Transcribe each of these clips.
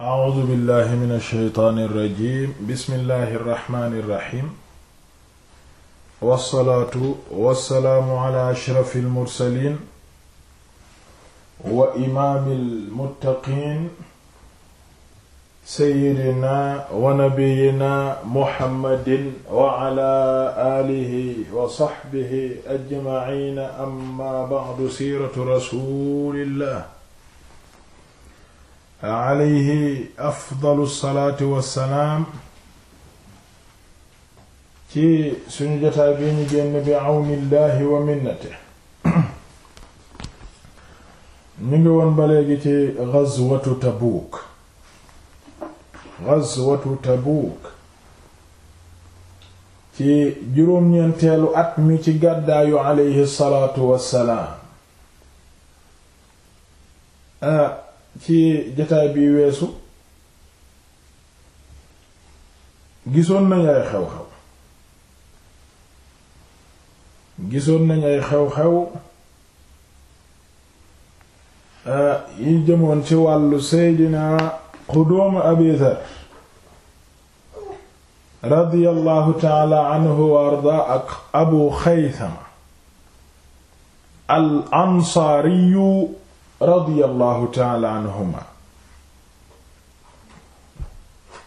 a'uuzu billahi mina shaytaani rajiim bismillahi rahmaani rahiim. wasalaatu wasalaamu ala ashrafil mursaliin. wa imaamil muttaqiin. sayyidina wa nabiyyina muhammadin wa ala aalihi wa saxbihi ajmaciina amma ba'du siiratu rasuulillah. alayhi afdalu salaati wassalaam ci suñu jotaay bi ñu génn bi awnillahi wa minnate ñu ngi woon ba léegi ci gazwatu tabuuk gazwatu tabuuk ci juróom-ñeenteelu at mi ci gàddaayu alayhi salaatu wassalaam ci jotaay bii weesu gisoon nañ ay xew-xew gisoon nañ ay xew-xew ah, yi jëmoon ci wàllu seydina xuduumu abi dhar radiyallahu taala anhu wa ardaa ak abu xaysama al ansaariyu radiyallahu taala anhuma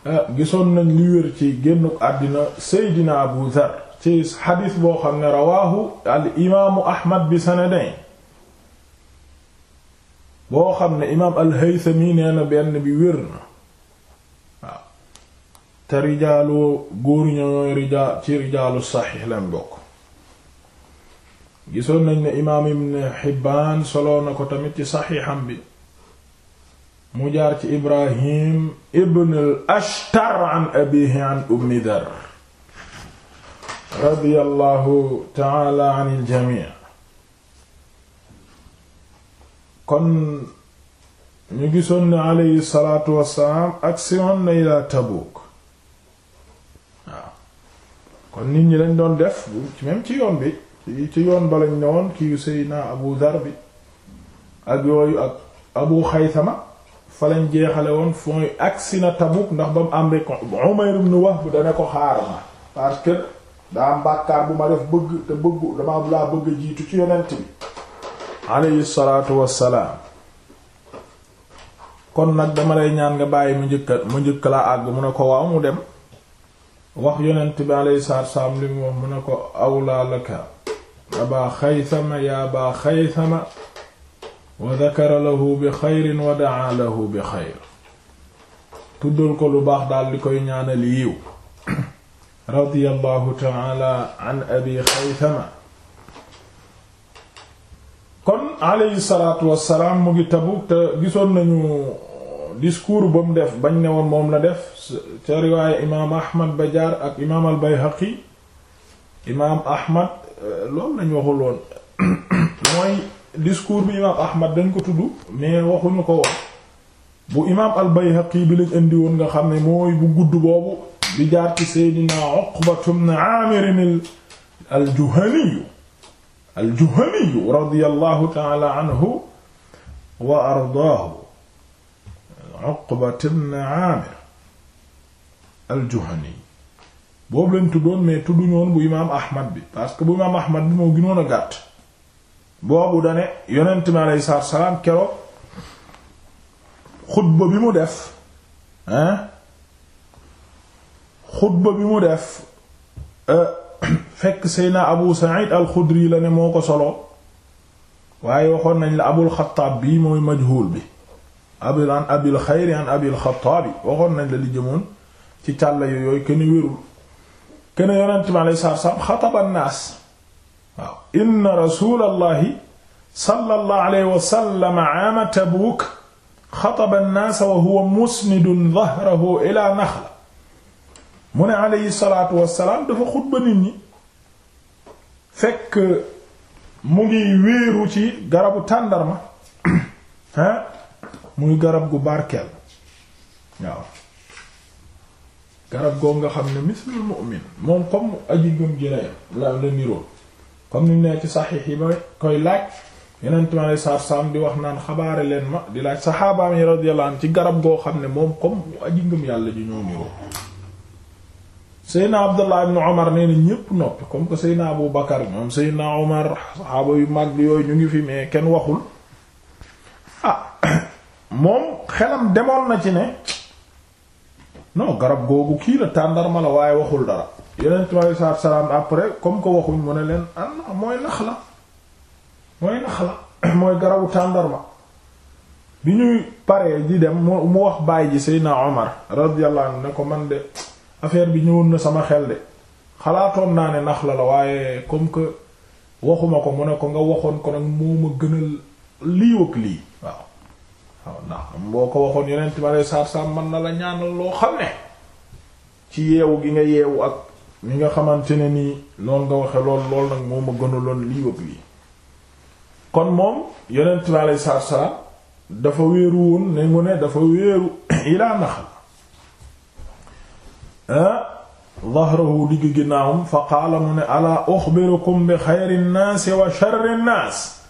eh, gisoon nañ li wér ci génnuk àddina seydina abu dhar ci xadiis boo xam ne rawaahu al imaamu ahmad bi sanadayn boo xam ne imaam al haythami nee na benn wér na waaw te rijaalu góor ñooy rijaal ci rijaalu saxiix lañ bokk gisoon nañ ne imaam ibn Hibbaan soloo na ko tamit ci saxiixam bi mu jaar ci Ibrahim ibn al-Ashtar an abiihi an Dar radiyallahu ta'ala anil jamii' kon gisoon ne alayhi salaatu wassalaam aksiyon na ila Tabuuk kon nit ñi lañ doon def même ci yoon bi ci yoon balañ ne woon kii Seydina Abu Dhar bi ak yooyu ak Abu Xaysama fa lañ jeexale woon fooy agsi na Tabuk ndax ba mu am rek Umayr ibn Wahb dana ko xaar ma parce que daa am bu ma def bëgg te bëggu dama laa bëgg jiitu ci yonent bi alayhi salaatu wassalaam kon nag dama lay ñaan nga bàyyi mu njëkka mu njëkka laa àgg mu ne ko waaw mu dem wax yonent bi alayhi salaatu wassalaam li mu wax mu ne ko awlaa laka aba xaysama ya aba xaysama wa dakara lahu bi xayrin wa daa lahu lu baax daal koy ñaanal yiw radiyallahu taala an abi xaysama kon alayhi salaatu wassalaam mu ngi Tabuk te gisoon nañu discours ba mu def bañ ne woon moom la def ca riwaaya imaam ahmad ba imaam ahmad loolu lañ waxul woon mooy discours bi imaam Ahmad dañ ko tudd mais waxuñu ko woon bu imaam al-Bayhaqi bi lañ indi woon nga xam ne mooy bu gudd boobu di jaar ci Seydina Uqbatu ibn Aamir al-Juhani al-Juhani radiyallahu ta'ala anhu wa ardaahu Uqbatu ibn Aamir al-Juhani boobu lañ tuddoon mais tudduñu woon bu imaam ahmad bi parce que bu imaam ahmad bi moo gënoon a gàtt boobu dane yonent mi aleyhi salaatu salaam keroog xutba bi mu def hein xutba mu def euh, fekk seyna abu sa'id al-xudri la ne moo ko solo waaye waxoon nañ la abul xataab bi mooy majhul bi abi an abil xayri an abil xataabi waxoon nañ la li jëmoon ci càlla yooyu kenn wérul kene yonent mi alayhi salaatu wa salaam xataba nnaas waaw inna rasulallahi sallallahu alayhi wa sallam aama Tabuuk xataba nnaasa wa huwa musnidun dahrahu ila naxla mu ne alayhi salaatu wa salaam dafa xutba nit ñi fekk mu ngi wéeru ci garabu tàndarma ah muy garab gu barkeel waaw garab googu nga xam ne mislul mu'min moom comme aji gëm ji la la niroo comme ni nekk ci saxiix yi ba koy laaj yeneen time ay saar saam di wax naan xabaare leen ma di laaj saxaabaam yi radiyallahu anhu ci garab goo xam ne moom comme aji ngëm yàlla ji ñoo niroo Seydina Abdullah ibn Omar nee na ñépp noppi comme que Seydina Abu Bakar ñoom Seydina Omar saxaaba yu mag yooyu ñu ngi fi mais kenn waxul ah moom xelam demoon na ci ne non garab googu kii la tàndarma la waaye waxul dara yonent bi saa salaam après comme que waxuñ mu ne leen ah mooy nax la mooy garabu tàndarma bi ñuy paree di dem mu wax bàyyi ji Seydina Omar radiyallahu anhu ne ko man de affaire bi ñëwoon na sama xel de xalaatoon naa ne nax la la waaye comme que waxuma ko mu ne ko nga waxoon ko nag moo ma gënal lii ak lii waaw waaw ndax boo ko waxoon yonent bi alei saatu salaam na la ñaanal loo xam ne ci yeewu gi nga yeewu ak mi nga xamante ne nii noonu nga waxe lool lool nag moo ma gënaloon lii wëg lii kon moom yonent bi alei saatu salaam dafa wéeru woon ne mu ne dafa wéeru ilaa naxal dhahrahu ah, digg ginnaawam fa qaala ne alaa uxbirukum bi xayri nnaasi wa sharri nnaas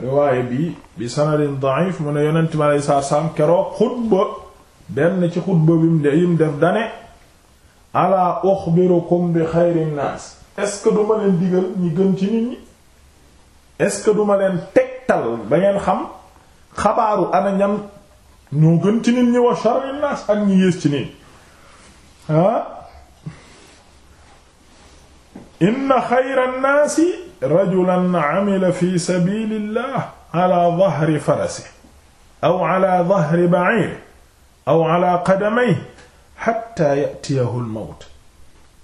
riwaaya bi bi sanadin da'if mu ne yonent mi aleyhi salaatu salaam keroog xutba benn ci xutba bi mu de yim def dane alaa uxbirukum bi xayri naas est-ce que duma leen digal ñi gën ci nit ñi est-ce que duma leen tegtal ba ngeen xam xabaaru ana ñam ñoo gën ci nit ñi wa sharri naas ak ñi yées ci nit ah inna xayra naasi rajulan amila fi sabilillah ala dahri farasi aw ala dahri ba'ir aw ala qadamay hatta ya'tiyahu al-mawt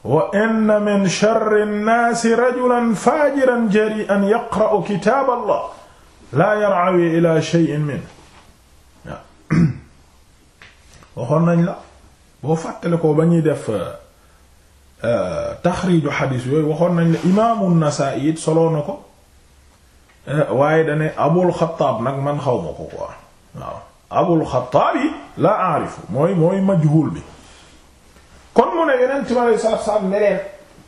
wa inna min sharri an-naasi rajulan faajiran jari'an yaqra'u kitaab Allah laa yar'awi ila shay'in minhu waxoon nañ la boo fàttale ko ba ñuy def Euh, taxriiju xadiis yooyu waxoon nañ la imaamu Nasaa'i it soloo na ko euh, waaye dane Abul Xattaab nag man xaw ma ko quoi waaw Abul Xattaab yi laa mooy mooy majhul bi kon mu ne yeneen ci ma lay saaf saaf ne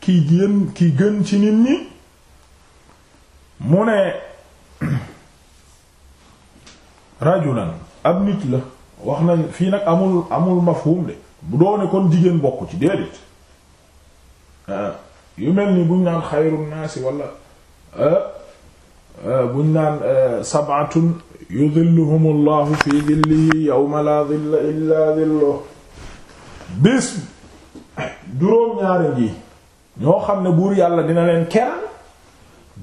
ki gën ci nit ñi mu ne rajulan ab nit la wax nañ fii nag amul amul mafhum de bu doone kon jigéen bokku ci déedéet Ah. yu mel ni buñ naan xayrun naasi wala ah, ah, buñ naan eh, sab'atun yudhilluhum llahu fi yow yawma la dhilla illa dhilluhu bis juróom-ñaari ngi ñoo xam ne buur yàlla dina leen keral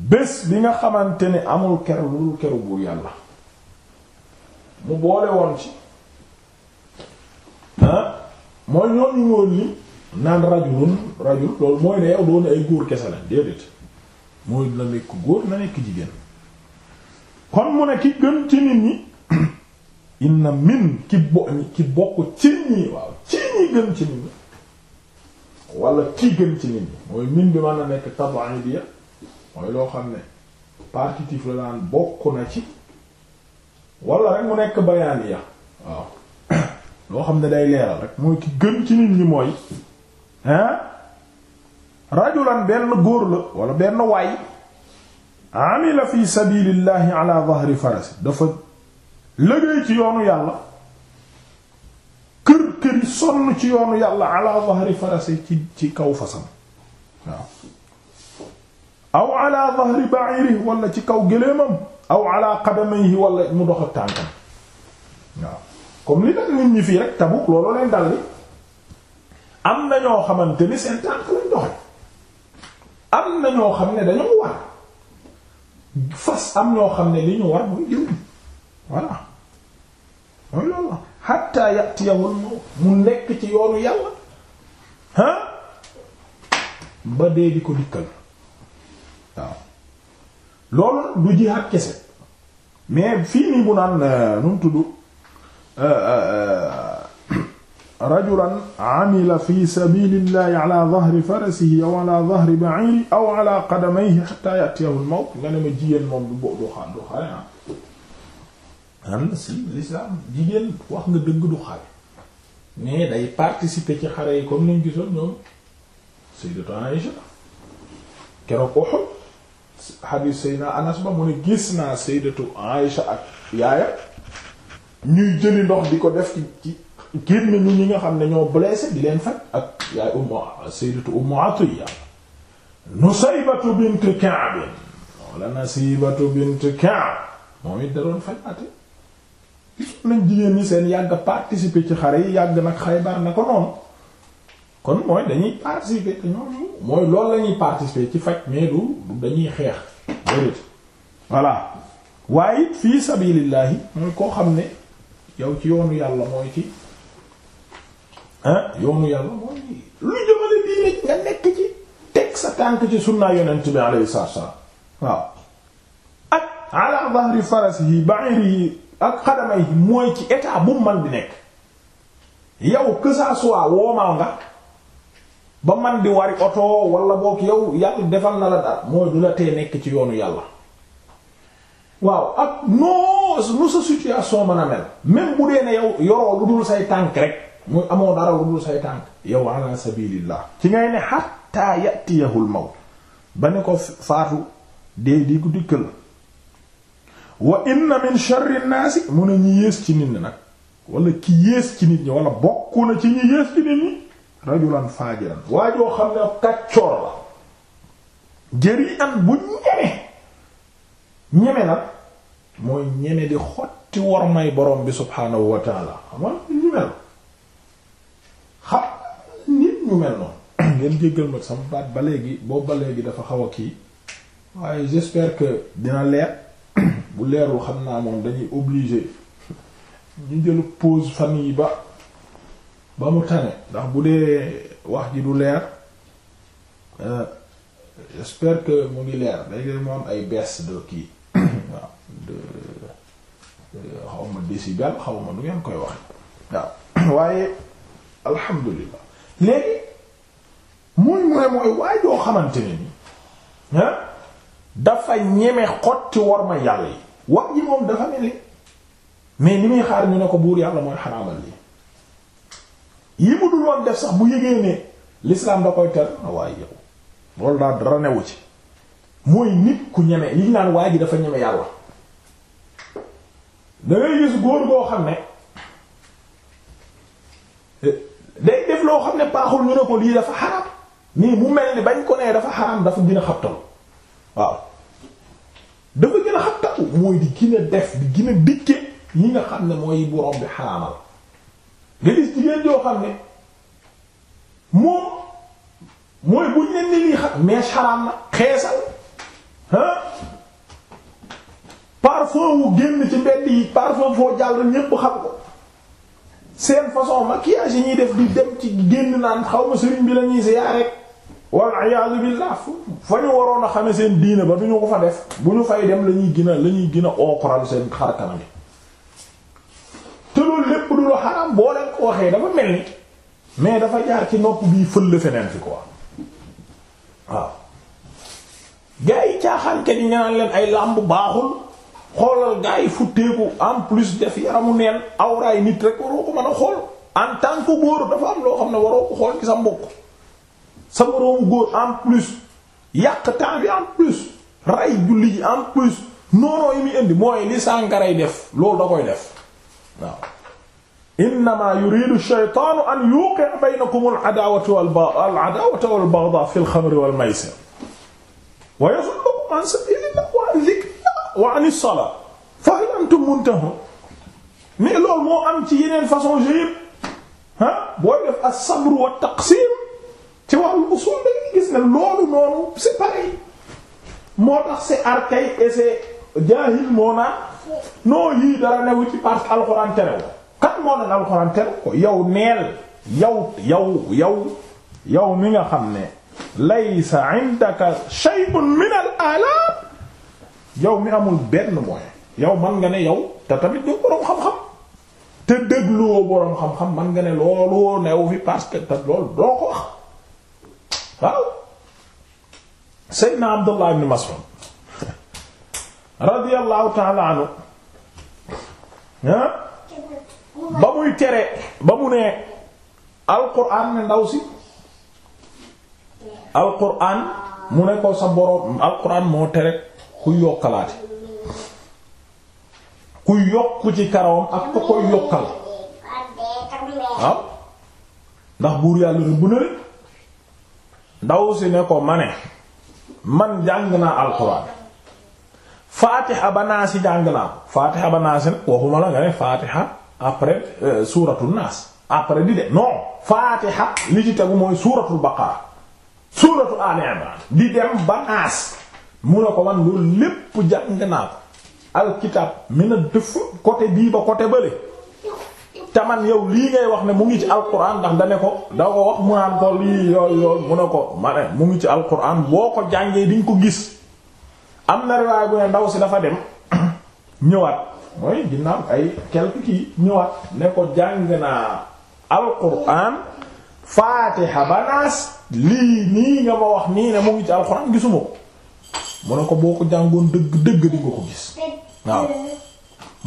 bés bi nga xamante ni amul ker lu dul keru buur yàlla mu boole woon ci mooy ñoom ñu woon li naan rajulun rajul loolu mooy ne yow doon ay góor kese la déedéet mooy la nekk góor na nekk jigéen kon mu ne ki gën ci nit ñi inna min ki bo ki bokk ci ñi waaw ci ñi gën ci nit ñi wala ki gën ci nit ñi mooy min bi mën na nekk tabaani bi mooy loo xam ne partitif la naan bokk na ci wala rek mu nekk bayaani ya waaw loo xam ne day leeral rek mooy ki gën ci nit ñi mooy hein rajulan benn góor la wala benn waay amila fi sabilillahi ala dhahri farasi dafa liggéey ci yoonu yàlla kër këri sonn ci yoonu yàlla ala dhahri farasi ci ci kaw fasam waaw aw ala dhahri ba'irihi wala ci kaw gëléemam aw ala qadamayhi wala mu dox ak tànkam waaw comme li nag nit ñi fii rek Tabuk loolu leen dal li am na ñoo xamante ni seen tànk lañ doxe am na ñoo xam ne dañoo war fas am ñoo xam ne li ñu war muy jëm voilà mooy loolu la hatta yatiyahul mawt mu nekk ci yoonu yàlla ah ba dee di ko dikkal waaw loolu du jihaad kese mais fii nii bu naan euh, nu mu tudd euh, euh, rajulan amila fi sabilillahi ala dahri farasihi aw ala dahri ba'iri aw ala qadamayhi hatta ya'tiyahu al-mawt nga ne ma jigéen moom du bo du xa du xare ah am na si l'islam jigéen wax nga dëgg du xare mais day participer ci xare yi comme nañ gisoon ñoom sayyidatu Aïsha keroog ko xol hadith sayyidina Anas ba mu ne gis naa sayyidatu Aïsha ak yaaya ñuy jëli ndox di ko def ci génn ñu ñi nga xam ne ñoo blessé di leen faj ak yaay ummu sayyidatu ummu atiya nusaybatu bint Ka'b wala nasibatu bint Ka'b moom it da doon faj ate gisoon nañ jigéen ñi seen yàgg participer ci xare yi yàgg nag Xaybar na ko noonu kon mooy dañuy participer te ñooñu mooy loolu lañuy participer ci faj mais du dañuy xeex déedéet voilà waaye it fii sabilillahi mooy koo xam ne yow ci yoonu yàlla mooy ci yoonu yàlla mooy lu jëmale bii nit nga nekk ci teg sa tànk ci sunnaa yonent bi alayhi salaatu salaam waaw ak ala dhahri farasihi ba'irihi ak xadamayhi mooy ci état bu man bi nekk yow que ça soit nga ba man bi wari oto wala boog yow yàlla defal na la dara mooy du la tee nekk ci yoonu yàlla waaw ak noo nu sa situation mën a mel même bu dee ne yow yoroo lu dul say tànk rek muy amoo dara lu say tànk yow ala sabilillah ci ngay ne hatta yatiyahul mawt ba ne ko faatu dee di ko dikkal wa inna min sharri naasi mu ne ñi yées ci nit ñi nag wala ki yées ci nit ñi wala bokk na ci ñi yées ci nit ñi rajulan faajiran waa joo xam ne kaccoor la jëri an bu ñeme ñeme nag mooy ñeme di xotti war borom bi subhaanahu wa taala ñeme la ñu mel noonu ngeen jéggal ma sama baat ba léegi boobu balee léegi dafa xaw a kii waaye j'espère que dina leer bu leerul xam naa moom dañuy obligé ñu jël pause fan yi ba ba mu tane ndax bu dee wax ji du leer euh, j'espère que mu ngi leer day leen mu ay baisse de kii waaw de xaw ma décibel xaw ma nu ngeen koy waxe waaw waaye alhamdulilah léegi muy mu mooy waay xamante ni ah dafa ñeme xotti war ma yàlla yi wax ji moom dafa mel ni mais ni muy xaar ñu ne ko buur yàlla mooy xaraamal lii yi mu dul woon def sax bu yëgee ne l'islam da koy tel ah, waaye yow loolu daal dara newu ci mooy nit ku ñeme yi ñu naan waa ji dafa ñeme yàlla da gis góor goo xam ne. day def loo xam ne paaxul ñu ne ko lii dafa xaram mais mu mel ni bañ ko nee dafa xaram dafa gën a xabtal waaw dafa gën a xabtal mooy di gën a def di gën a dikke yi nga xam ne mooy borom bi xaraamal ne moom mooy buñ ni lii xam mais xaraam na xeesal ah parfum wu génn ci mbedd yi parfum foo jàll ñépp xam ko seen façon maquillage yi ñuy def di dem ci génn naan xaw ma sëriñ bi la ñuy siyaare rek wal iyaadu billah fa ñu waroon a xame seen diine ba duñu ko fa def bu ñu fay dem la ñuy gën a la ñuy gën a okral seen xar kanam te loolu lépp du lu xaram boo leen ko waxee dafa mel ni mais dafa jaar ci nopp bii fël feneen fi quoi waaw. gars yi caaxaan kat yi ñu naan leen ay làmb baaxul. xoolal gaa yi futteeku en plus def yaramu neen awraay nit rek waroo ko mën a xool en tant que góor dafa am loo xam ne waroo ko xool ci sa mbokk sa góor en plus yàq temps bi en plus rey julli en plus noonoo yi muy indi mooy li sàngaray def loolu da koy def waaw innama yuridu shaytaanu an yuqi'a baynakum al-'adaawata wal-baghdaa'a fil khamri wal maysir wa yasuddakum an sabiilillah wa an dhikr wa ani salaa fa hal antum muntahun mais loolu moo am ci yeneen façon jeu yëpp ah booy def as-sabr wa taqsim ci wàllu usul da ngay gis ne loolu noonu c'est pareil moo tax c'est archaïque et c'est jaahil moo naan non yii dara newu ci parce que alxuraan terew kat moo naan alxuraan terew ko yow neel yow yow yow yow nga xam ne laysa indaka shay'un min al-aalab yow mi amul benn moyen yow man nga ne yow te tamit doo boroom xam-xam te dégluwoo boroom xam-xam man nga ne loolu newu fi parce que te loolu doo ko wax waaw Seydina Abdullah ibn Mas'ud radiyallahu ta'ala anhu ah, ba muy tere ba mu ne alquran ne ndaw si alquran mu ne ko sa boroom alquran moo tere kuy yokkalaate ku yokk ci karawam ak ku koy yokkal waaw ndax buur yàlla rëbb na leen ndaw si ne ko ma man jàng naa alxuraan faatiha ba naa si jàng naa ko faatiha ba naa nag waxuma la nga ne faatiha après euh, suuratul naas après di de non faatiha li ci tegu mooy suuratul baqara suuratul ali imran di dem ba naas mu ne ko man loolu lépp jàng naa ko alkitab mi na dëf côté bii ba côté bële taman yow lii ngay wax ne mu ngi ci alquran ndax dane ko da ko wax mu naan ko lii yooyu yooyu mu ne ko ma mu ngi ci alquran boo ko jàngee di nga ko gis am na riwaay bu ne ndaw si dafa dem ñëwaat mooy ginnaaw ay quelque kii ñëwaat ne ko jàng naa alquran faatiha banaas lii nii nga ma wax nii ne mu ngi ci alquran gisuma ko mu ne ko boo ko jàngoon dëgg dëgg di nga ko gis waaw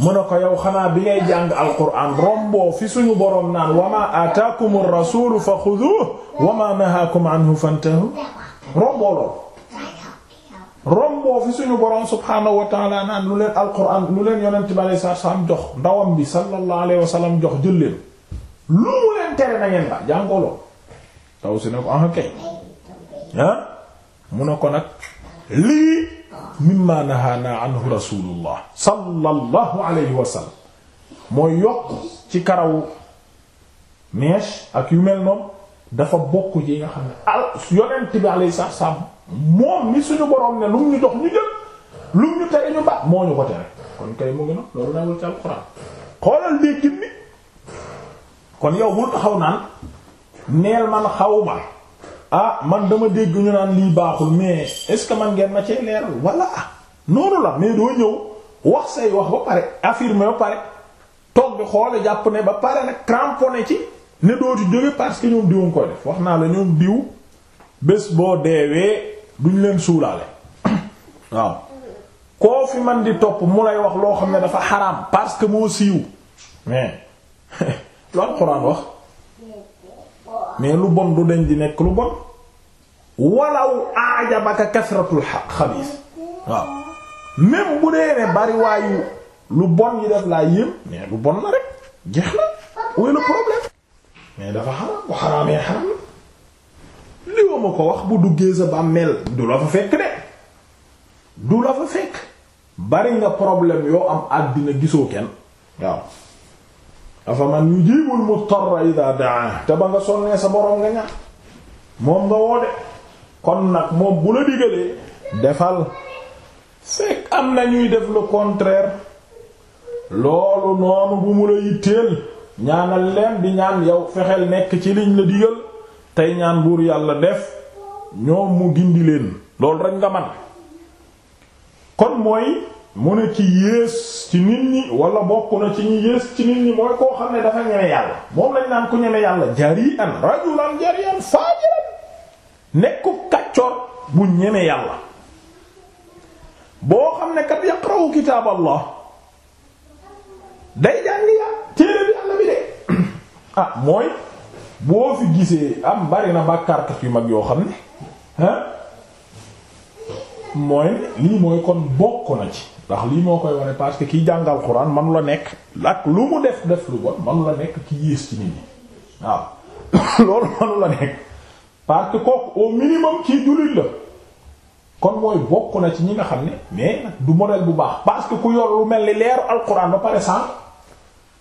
mu ne ko yow xanaa bi ngay jàng alquran romboo fi suñu boroom naan wa ma ataakumur rasulu fa xuduhu wa ma nahaakum anhu fantahu romboo lool romboo fi suñu boroom subhaanahu wa naan lu leen alquran lu leen yonent bi alayhi salaam jox ndawam bi sallallahu alayhi wa sallam jox jël lu mu leen tere na ngeen ba jàngoo lool taw si ne ko ah kay ah ko nag lii mimma nahaana anhu rasulullah sallallahu alayhi wa yokk ci karaw mèche ak yu mel noonu dafa bokk yi nga xam ne al yonent bi alayhi salaam moom mi suñu boroom ne moo ñu ko tere kon kay mu ngi noonu loolu ci alxuraan xoolal déggin ni kon yow bul taxaw naan neel man xaw ma ah man dama dégg ñu naan lii baaxul mais est-ce que man ngeen ma cee leeral voilà noonu la mais doo ñëw wax say wax ba pare affirmer ba pare toog bi xoole jàpp ne ba pare nag cramponné ci ne dootu jóge parce que ñoom diwoon ko def wax naa la ñoom diw bés boo deewee duñ leen suulaale waaw koo fi man di topp mu lay wax loo xam ne dafa xaram parce que moo siiw mais loolu Alxuraan wax mais lu bon du deñ di nekk lu bon walaw aajabaka kasratul xabiis waaw même bu dee ne lu bon yi def laa yéem mais lu bon la rek jeex na où est le problème mais dafa xaraam bu xaraamee xaraam li wa ma ko wax bu duggee sa bàmmeel du la fa fekk de du la fa fekk bari nga problème yoo am àddina gisoo kenn waaw afa man yujibul mutarra idha daa te ba nga sonnee sa borom nga ñaan moom nga woo de kon nag moom bu la digalee defal fekk am na ñuy def le contraire loolu noonu bu mu la yitteel ñaanal leen di ñaan yow fexeel nekk ci liñ la digal tey ñaan buur yàlla def ñoom mu gindi leen loolu rekk nga man kon mooy mu ne ci yées ci nit ñi wala bokk na ci ñi yées ci nit ñi mooy koo xam ne dafa ñeme yàlla moom lañ naan ku ñeme yàlla jari'an rajulan jari'an fajiran nekku kàccoor bu ñeme yàlla boo xam ne kat yaqra'u kitaab Allah day jàngi ya téere bi yàlla bi de ah mooy boo fi gisee am bari na bàkkaarkat yu mag yoo xam ne ah mooy lii mooy kon bokk na ci ndax lii moo koy wane parce que jàngal Alxuraan man la nekk ak lu mu def def lu bon manu la nekk ki yées ci nit ñi waaw loolu manu nekk parce que kooku au minimum kii jullit la kon mooy bokk na ci ñi nga xam ne mais du modèle bu baax parce que ku yor lu mel ni leeru alquran ba pare sànq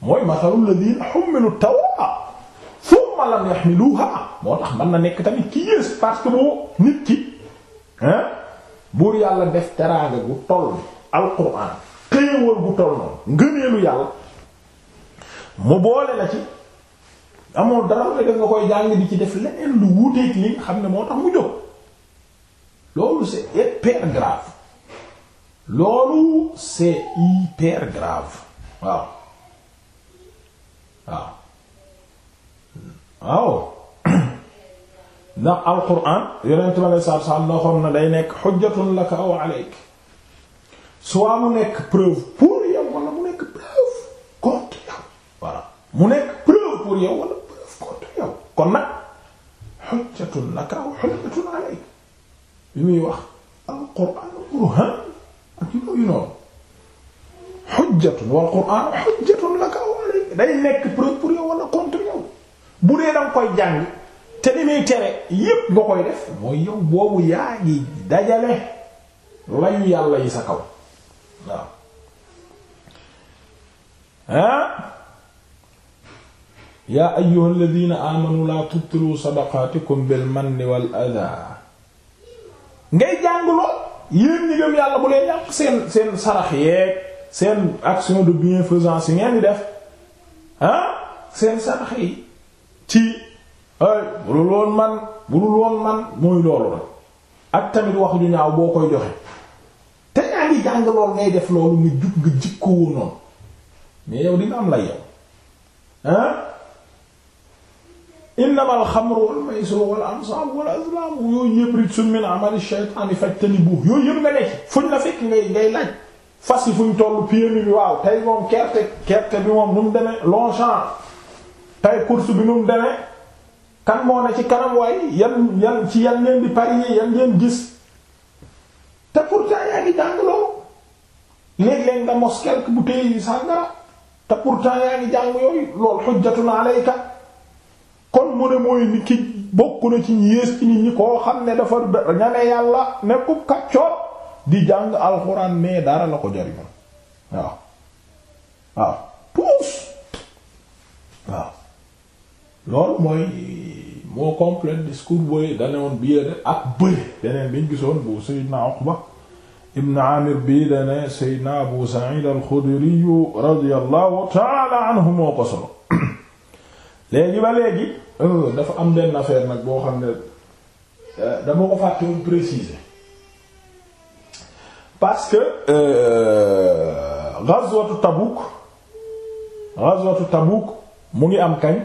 mooy masalul ladina hummilu tawra thumma lam yahmiluha moo tax man na nekk tamit ki yées parce que boo nit ki hein buur yàlla def teraanga bu toll alquran xéewal gu toll noonu ngëneelu yàlla mu boole la ci amoo dara rek nga koy jàng di ci def leneen lu wuuteeg li nga xam ne moo tax mu jóg loolu c'est hyper grave loolu c'est hyper grave waaw waaw ndax alquran yonent bi alei satu ne day nekk xujjatun laka aw aleyk soit mu nekk preuve pour yow wala mu nekk preuve contre yow voilà mu nekk preuve pour yow wala kon nag xujjatun laka wa xujjatun alayk li muy wax al qur'aan burhaan ak yooyu noonu xujjatun wal qur'aan xujjatun laka wa alayk day nekk preuve pour yow wala contre bu dee danga koy jàng te li muy tere yépp nga koy def mooy yow boobu yaa ngi dajale layu yàlla yi sa kaw waaw ah yaa ayyuhal ladina amanu laa tubtilu sadaqaatikum bil manni wal adaa ngay jàngloo yéen ñi gëm yàlla bu leen yàq seen sarax yi ngeen di def ah seen sarax yi ci ay bu dul woon man bu dul woon man mooy loolu rek ak tamit wax ju ñaaw boo koy joxe te yaa ngi jàng lool ngay def loolu nga jug nga jikkoo noonu mais yow di am lay yow ah innamal xamru wal maysiru wal ansaabu wal azlaamu yooyu yëpp rijsun min amali shaytaani fajtanibuuh yooyu yëpp nga nekk fuñ la fekk ngay ngay laaj fas yi fuñ toll PMI bi waaw tey moom kerte kerte bi moom nu mu demee Longchamp tey course bi nu mu demee kan moo ne ci kanam waaye yan yan ci yan leen di yan leen gis te pourtant yaa ngi jàng loolu léeg-léeg nga mos quelque bouteille yi sàngara te pourtant yaa ngi jàng yooyu loolu xujjatun alayka kon mu ne mooy ni ki bokk na ci yées ci nit ñi koo xam ne dafa ñame yàlla nekkub kaccoor di jàng alxuraan mais dara la ko jariñu waaw waaw puus waaw loolu mooy moo complète discours booy danewoon bii de ak bëri beneen biñ gisoon bu Seydina Uqba ibn Amir bii dane Seydina Abu Sa'id al-Khudri radiyallahu ta'ala ko solo léegi ba léegi euh, dafa am benn affaire nag boo xam ne euh, dama ko fàtte woon préciser parce que euh, ghazwatu Tabuk ghazwatu Tabuk mu ngi am kañ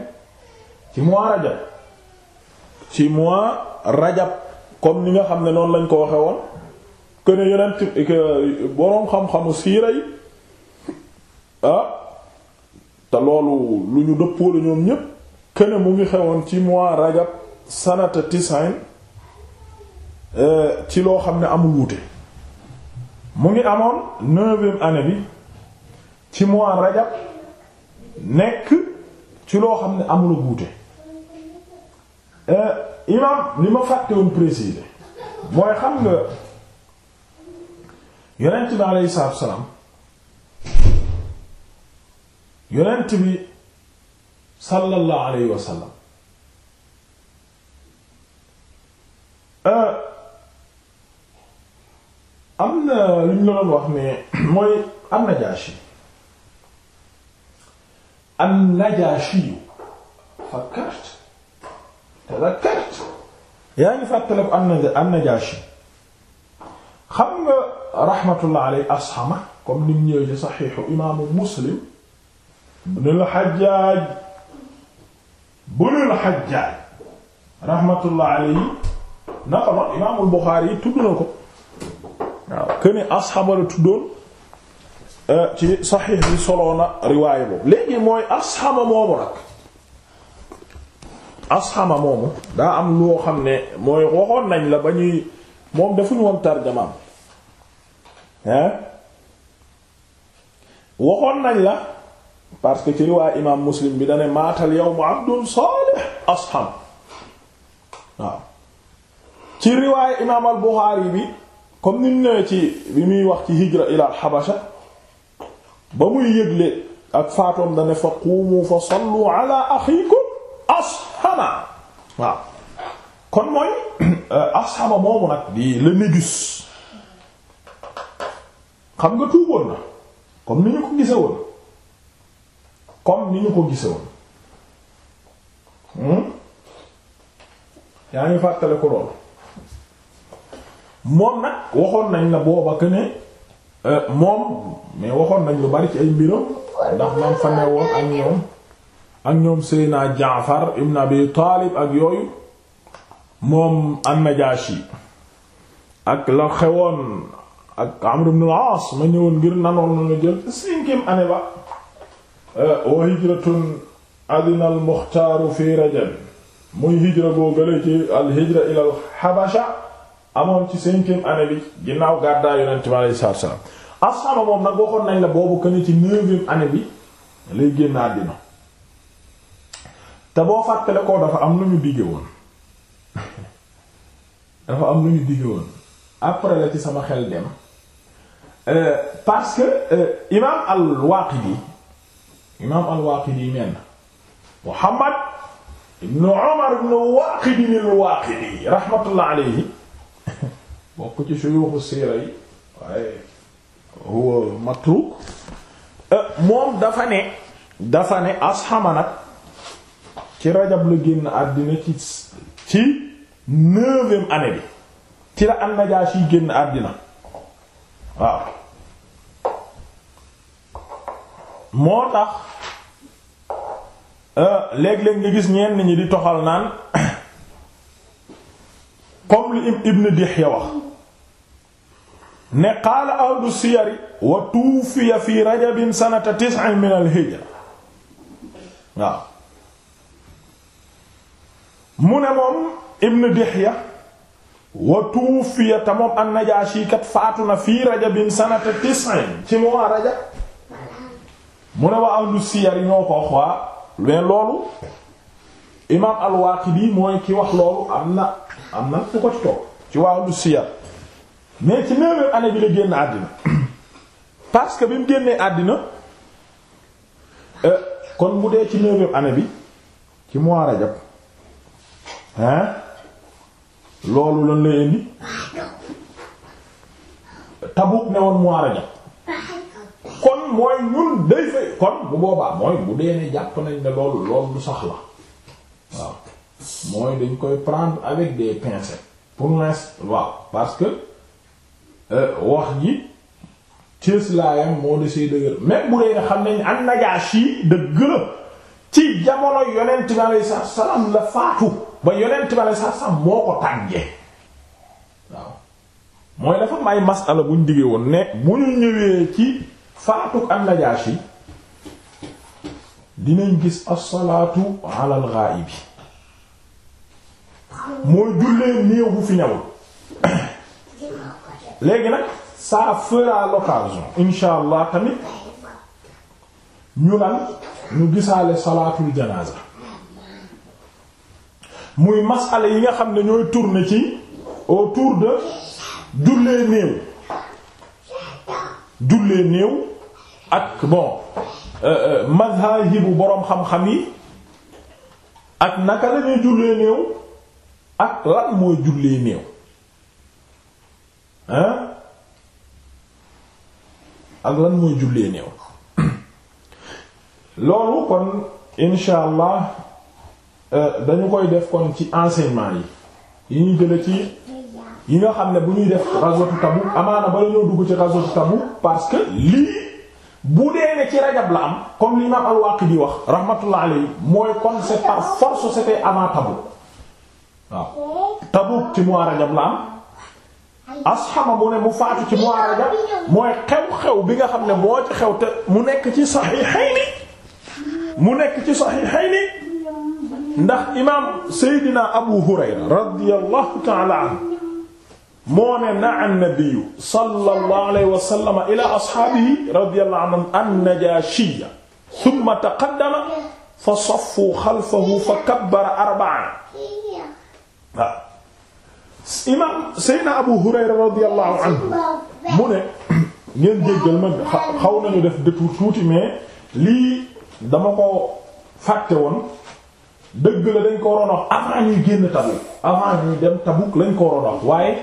ci mois rajab ci mois rajab comme ni nga xam ne noonu lañ ko waxe woon que ne yeneen boroom xam-xamu siira yi ah, te loolu lu ñu dëppoo la ñoom ñépp këne mu ngi xewoon ci mois rajab sanata tisin eh, ci loo xam ne amul wuute mu ngi amoon neuvième année bi ci mois rajab nekk ci loo xam ne amul wuute eh, imam li ma fàttewoon préciser mooy xam nga yonent bi aleyhi salaatu yonent bi sallallahu alayhi wa sallam euh, am na li ñu la doon wax ne mooy an najaashi an najaashi fakkart tazakkart yaa ngi fàttale ko an najaashi xam nga rahmatullah alayhi asxama comme nim ñëw ci saxiixu imaamu muslim ibn al-Hajjaj bunul Hajjaaj rahmatullah alayhi naka noonu imaamul Buxaari yi tudd na ko waaw këni asxaba la tuddoon euh, ci saxiix bi soloon riwaay boobu léegi mooy asxaba moomu nag asxama moomu daa am loo xam ne mooy waxoon nañ la ba ñuy moom defuñu woon tarjamaam waxoon nañ la parce que ci riwaay imaam muslim bi dane maatal yawma abdun saalih asham waaw ci riwaay imaam al bi comme ni mu nee ci bi muy wax ci hijra ila al xabasha ba muy yëgle ak faatoom dane fa quumu fa sallu axiikum ashama waaw kon mooy ashama moomu nag di le négus xam nga tuuboon na comme ni ñu ko gise woon comme ni ñu ko gisoon hmm? yaa ngi fàttale ko lool moom nag waxoon nañ la booba que euh, moom mais waxoon nañ lu bari ci ay mbiram ndax man fa newoon ak ñoom ak ñoom Seydina Jaafar ibn Abi Taalib ak yooyu moom an-Najaashi ak la xewoon ak Amr ibn al ma ñëwoon ngir nanoon na jël cinquième année ba wa eh, hijratun adina al muxtaaru fi rajab muy hijra googale ci al hijra ila al xabasha amoon ci cinquième année bi ginnaaw gàddaay yonent bi alayhi salaatu salaam asxaaba moom nag waxoon nañ la boobu këni ci neuvième année bi lay génn àddina te boo fàttale ko dafa am lu ñu digge woon dafa am lu ñu digge woon après la ci sama xel dem eh, parce que eh, imaam al-Waaqidi imaam al-Waaqidi men Muhammad ibnu Umar ibnu Waaqidi al-Waaqidi rahmatullah alayhi bokk ci suyuuxu siira yi waaye huwa matruk eh, moom dafa ne dafa ne asxama ci rajab la génn àddina ci ci neuvième année bi ci la an-Najaashi génn àddina waaw moo tax euh, léeg-léeg nga gis ñenn ñi di toxal naan comme li Ibn Dihya wax ne qaala ahlu siyari wa tuufiya fi rajabin sanata tis'in min al-hijra mu ne moom Ibn Dihya wa tuufiya te moom an-Najaashi kat faatu na fii rajabin sanata tis'in mu ne waa ahlu siyar yi ñoo ko wax waa mais loolu imaam al-Waaqidi mooy ki wax loolu am na am na fu ko ci toog ci waa ahlu siyar mais ci neuvième année bi génn àddina parce que bi mu génnee àddina euh, kon mu dee ci neuvième année bi ci mois Rajab hein loolu lan lay indi Tabuk ne woon mois Rajab kon mooy ñun day fay kon bu boobaa mooy bu dee ne jàpp nañ ne loolu loolu du sax la waaw mooy dañ koy prendre avec des pincettes pour l'instant waaw parce que euh, wax ji cées laayam moo desee dëgër même bu dee nga xam nañ an yi dëgg la ci jamono yonent bi aleyhi salaatu salaam la faatu ba yonent bi aleyhi salaatu salaam moo ko tàggee waaw mooy dafa may masala buñ diggee woon ne bu ñu ñëwee ci faatuk an-Najaashi dinañ gis as-salaatu ala al mooy jullee néew bu fi ñëwul léegi nag ça fera l'occasion insha allah tamit ñu lan ñu gisaale salaatul janaasa muy masala yi nga xam ne ñooy tourner ci autour de jullee néew jullee néew ak bon euh, euh, mazhahibu boroom xam-xam yi ak naka lañuy jullee néew ak lan mooy jullee néew ak lan mooy jullee néew loolu kon insha allah euh, dañu koy def kon ci enseignement yi yi ñu jële ci yi nga xam ne bu ñuy def ghazwatu Tabuk amaana ba la dugg ci ghazwatu Tabuk parce que lii bu dee ne ci rajab la am comme l'imam al-Waqidi wax rahmatullah alayhi mooy kon c'est force c'était avant Tabuk waaw Tabuk ci mois rajab la am asxama mu ne mu faatu ci mois mooy xew-xew bi nga xam ne moo ci xew te mu nekk ci Sahihayni mu nekk ci Sahihayni ndax imam Seydina Abu Hurayra radiyallahu ta'ala anhu moo ne na annabiyu sallallahu alayhi wa sallam ila ashaabihi radiyallahu anhum an-najaashiyya thumma taqaddama fa saffu xalfahu fa kabbara arba'an waaw imaam Seydina Abu Hurayra radiyallahu anhu mu ne ngeen jéggal ma xaw nañu def détour tuuti mais lii dama ko fàtte woon dëgg la dañ ko waroon wax avant ñuy génn Tabuk avant ñuy dem Tabuk lañ ko waroon wax waaye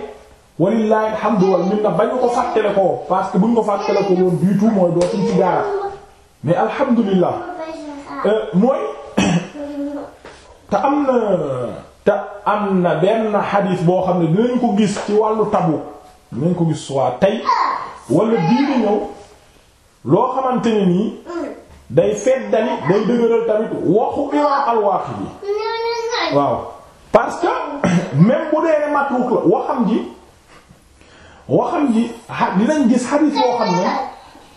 walillahi alhamdu wal minna bañu ko fàttale ko parce que buñ ko fàttale ko woon du tout mooy dootuñ ci gaaraat mais alhamdulillah euh, mooy te am na te am na benn xadiis boo xam ne dinañ ko gis ci wàllu tabu dinañ ko gis waa tey wala biiri ñëw loo xamante ne nii day feddali day dëgëral tamit waxu imaam al-Waaqidi waaw parce que bu dee matruk la waxam ji waxam ji dinañ gis xadiis boo xam ne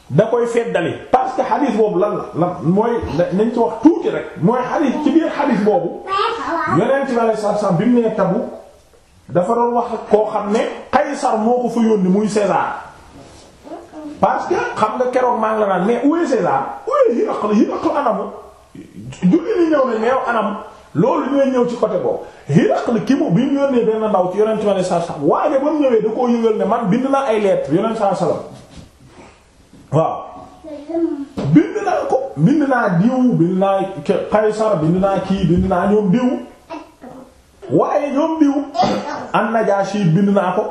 da koy feddali parce que xadiis boobu lan la lan mooy nañ ci wax tuuti rek mooy xadiis ci biir xadiis boobu yonent bi alayhi bi mu nee dafa doon wax koo xam ne Qaysar moo ko fa yónni muy César parce que xam nga keroog maa ngi anamu julli ni ñëw ne mais anam loolu ñooy ñëw ci côté boobu Hiraql ki mu bi mu yónnee benn ndaw ci yonent sallallahu alayhi wasallam waaye ba mu ñëwee da koo yëgal ne man bind naa ay lettres yonent sallallahu alayhi wasallam waaw bind naa ko bind naa diw bind naa Qaysar bind naa kii bind naa ñoom diw waaye ñoom diw an-Najaashi bind naa ko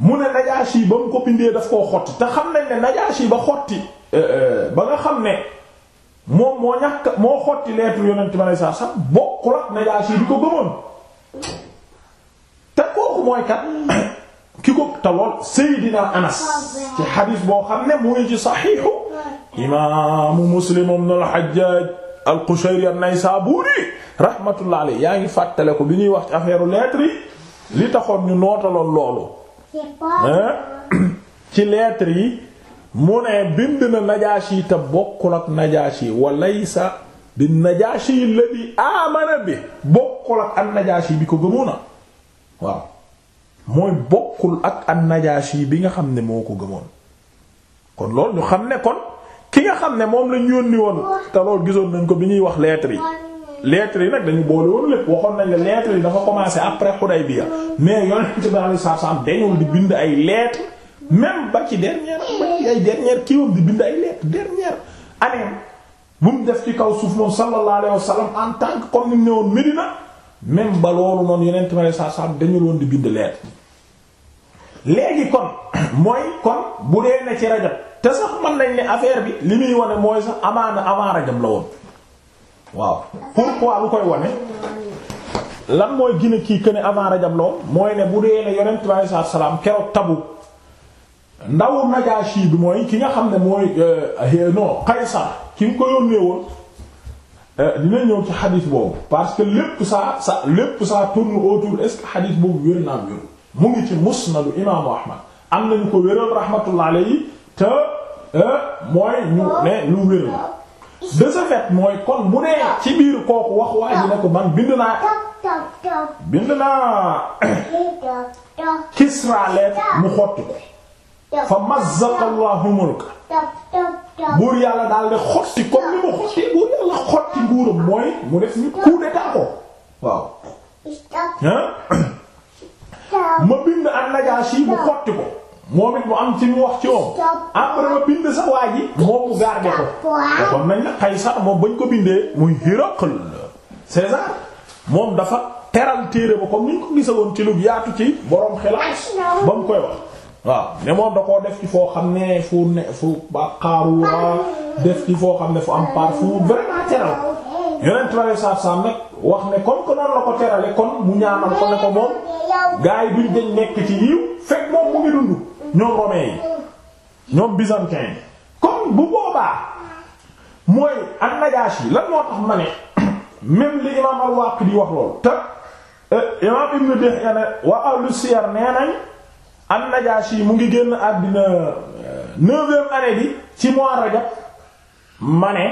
mu ne Najaashi ba mu ko bindee daf koo xotti te xam nañ ne Najaashi ba xotti euh, euh, ba nga xam ne moom moo ñàkk moo xotti lettre yonent sa alayhi salaam bokkul ak Najaasi bi ko gëmoon te kooku mooy kat ki ko talool Seydina Anas ci xadiis boo xam ne mu ngi ci saxiixu imaamu Muslim ibn al-Hajjaj al-Qushayri an-Naysaburi rahmatullah alayhi yaa ngi fàttale ko bi ñuy wax ci affaire lettre yi li taxoon ñu nootaloon loolu ci lettre yi mu ne bind na najaashi te bokkul ak sa wa laysa bi najaashi alladhi amana bi bokkul ak an najaashi bi ko gëmoon a waaw mooy bokkul ak an najaashi bi nga xam ne moo ko gëmoon kon loolu ñu xam ne kon ki nga xam ne moom lañ yónni woon te loolu gisoon nañ ko bi ñuy wax lettre yi lettre yi nag dañu boole woon lépp waxoon nañ la lettre yi dafa commencé après Hudaybiya mais yonent bi sallallahu alayhi wasallam dañu di bind ay lettre même ba ci dernière ba ci ay di bind ay lettre dernière année bu mu def ci kaw suuf moom sallallahu alayhi en tant que comme ni mu ne woon Medina même ba loolu noonu yeneen tamit saa dañu doon di bind lettre. léegi kon mooy kon bu dee ne ci rajab te sax mën nañ ne affaire bi li ñuy wane mooy sax amaana avant rajab la woon waaw pourquoi lu koy wane lan mooy gine kii que avant rajab la woon mooy ne bu dee ne yonent bi sallallahu alayhi wa sallam keroog Tabuk. ndaw Najaashi bi mooy ki nga xam ne mooy euh, euh, non Qaysar ki mu ko yónnee woon euh, dina ñëw ci xadis boobu parce que lépp ça ça lépp ça tourne que xadis boobu wér naa mu ngi ci musnadu imaamu Ahmad am nañu ko wéral rahmatullah alayhi te mooy ñu ne lu wér la de ce fait mooy kon mu dee ci biir kooku wax waa ji ne ko man bind naa bind mu xotti fa mazzaqa Allahu mulka buur yàlla daal di xotti comme ni mu xotti buur yàlla xotti nguuram mooy mu def nit coup d'état ko waaw. ma bind ak Najaashi mu xotti ko moom it mu am ci mu wax ci moom après ma bind sa waa ji moom mu garder ko kon nañ la Qaysar moom bañ ko bindee muy Hiraql César moom dafa teral téere ba comme ni ko gisawoon ci lu yaatu ci borom xelaas ba mu koy wax. waaw ne moom da koo def ci foo xam ne fu ne fu ba xaaruwaa def ci foo xam ne fu am par fu vraiment teral yonent bi alayhi salaatu salaam wax ne comme que noonu ko terale kon mu ñaanal ko ne ko moom gars yi duñ dañ nekk ci yiw fekk moom mu ngi dund ñoom romains yi ñoom byzantins yi kon bu boobaa mooy an-Najaashi lan moo tax ma ne même li imaam al-Waaqidi wax loolu te eh, imaam Ibn Dihyan wa ahlu siyar nee nañ an-Najaashi mu ngi génn àddina euh, neuvième année bi ci mois rajab ma ne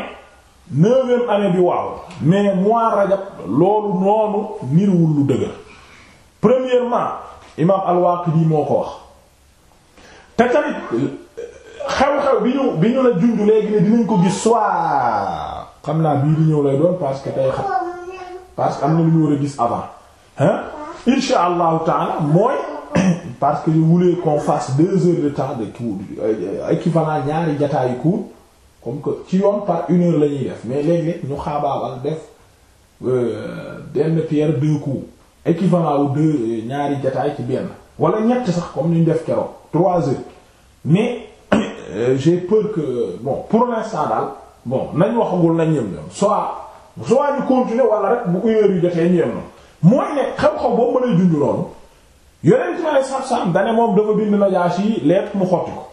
neuvième année bi waaw mais mois loolu noonu niruwul lu dëgër premièrement imaam al-Waaqidi moo ko wax te tamit euh, xew-xew bi ñu bi ñu la junj léegi ne dinañ ko gis soit xam naa bii di ñëw lay doon parce que tey xam parce am na lu ñu war a gis avant hein insha allahu taala mooy. parce que je voulais qu'on fasse deux heures de temps de cours euh, équivalent ñaari jataayu cours comme que ci yoon par une heure la def mais léeg-léeg ñu xaabaabal def euh, benn pierre deux cours équivalent wu euh, ñaari jataay ci benn wala ñett sax comme ni ñu def keroog trois heures mais j'ai peur que bon pour l'instant daal bon nañ waxagul nañ ñëm ñoom soit soit ñu continuer wala rek bu une heure yu jotee ñu yem noonu mooy ne xam-xam boo mën a junj loolu yonent ma sax-sax dane moom dafa bind Najaasi yi mu xotti ko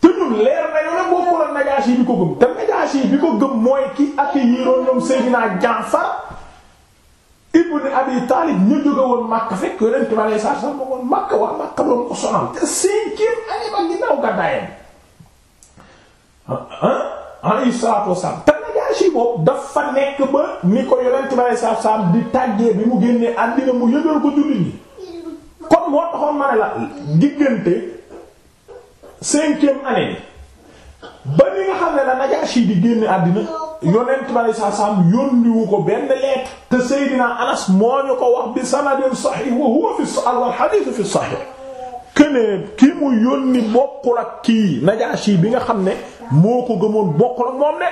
te leer na yow nag bokkul ak Najaasi yi bi ko gëm te Najaasi bi ko gëm mooy ki accueilliroon ñoom Seydina Jaafar ibn Abi Taalib ñu jóge woon Makka fekk yonent ma lay sax sax ma woon Makka waa Makka doon ko sonal te cinquième année ba ginnaaw gàddaayam ah, ah, alayhi salaatu wassalaam te Najaasi boobu dafa nekk ba ni ko yonent ma lay sax di tàggee bi mu génnee àddina mu yëgal ko jullit ñi kon moo taxoon ma la diggante cinquième année bi ba nga xam ne la Najaasi di génn àddina yonent bi aleyhi salaatu salaam ko benn lettre te Seydina Anas moo ñu ko wax bi sanadin sahih wa huwa fi al-hadith fi sahih keneen ki mu yónni bokkul ak kii Najaasi bi nga xam ne moo ko gëmoon bokkul ak moom ne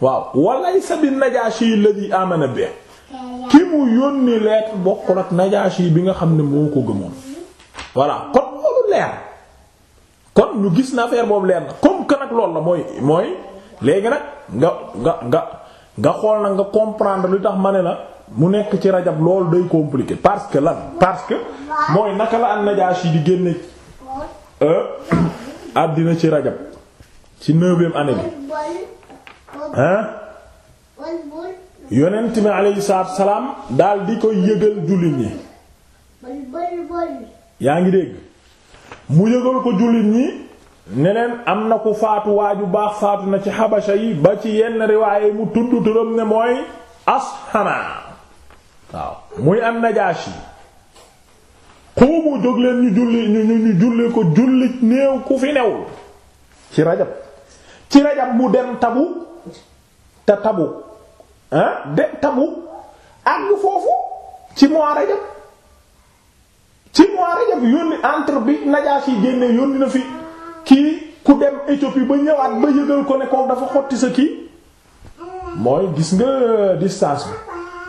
waaw walaysa bi Najaasi alladhi amana bi ki mu yónni lettre bokkul ak Najaasi bi nga xam ne moo ko gëmoon voilà kon loolu leer kon ñu gis na affaire boobu leer na comme que nag loolu la mooy mooy léegi nag nga nga nga nga xool nag nga comprendre li tax ma ne la mu nekk ci rajab loolu day compliqué parce que la parce que mooy naka la an Najaasi di génne euh, àddina ci rajab ci neuvième année bi hein yonent mi aleyhi salaam daal di koy yëgal jullit ñi yaa ngi dégg mu yëgal ko jullit ñi ne am na ku faatu bu baax faatu na ci xabasa yi ba ci yenn riwaaye mu tudd turam ne mooy ashana waaw muy am najaashi xuumu jóg ñu julli ñu ñu julli ko jullit néew ku fi newul ci rajab ci rajab mu dem tabu te tabu de Tabuk àgg foofu ci mois Rajab ci mois Rajab yónni entre bi Najaasi yi génne yónni na fi kii ku dem Éthiopie ba ñëwaat ba yëgal ko ne dafa xotti sa kii mooy gis nga distance bi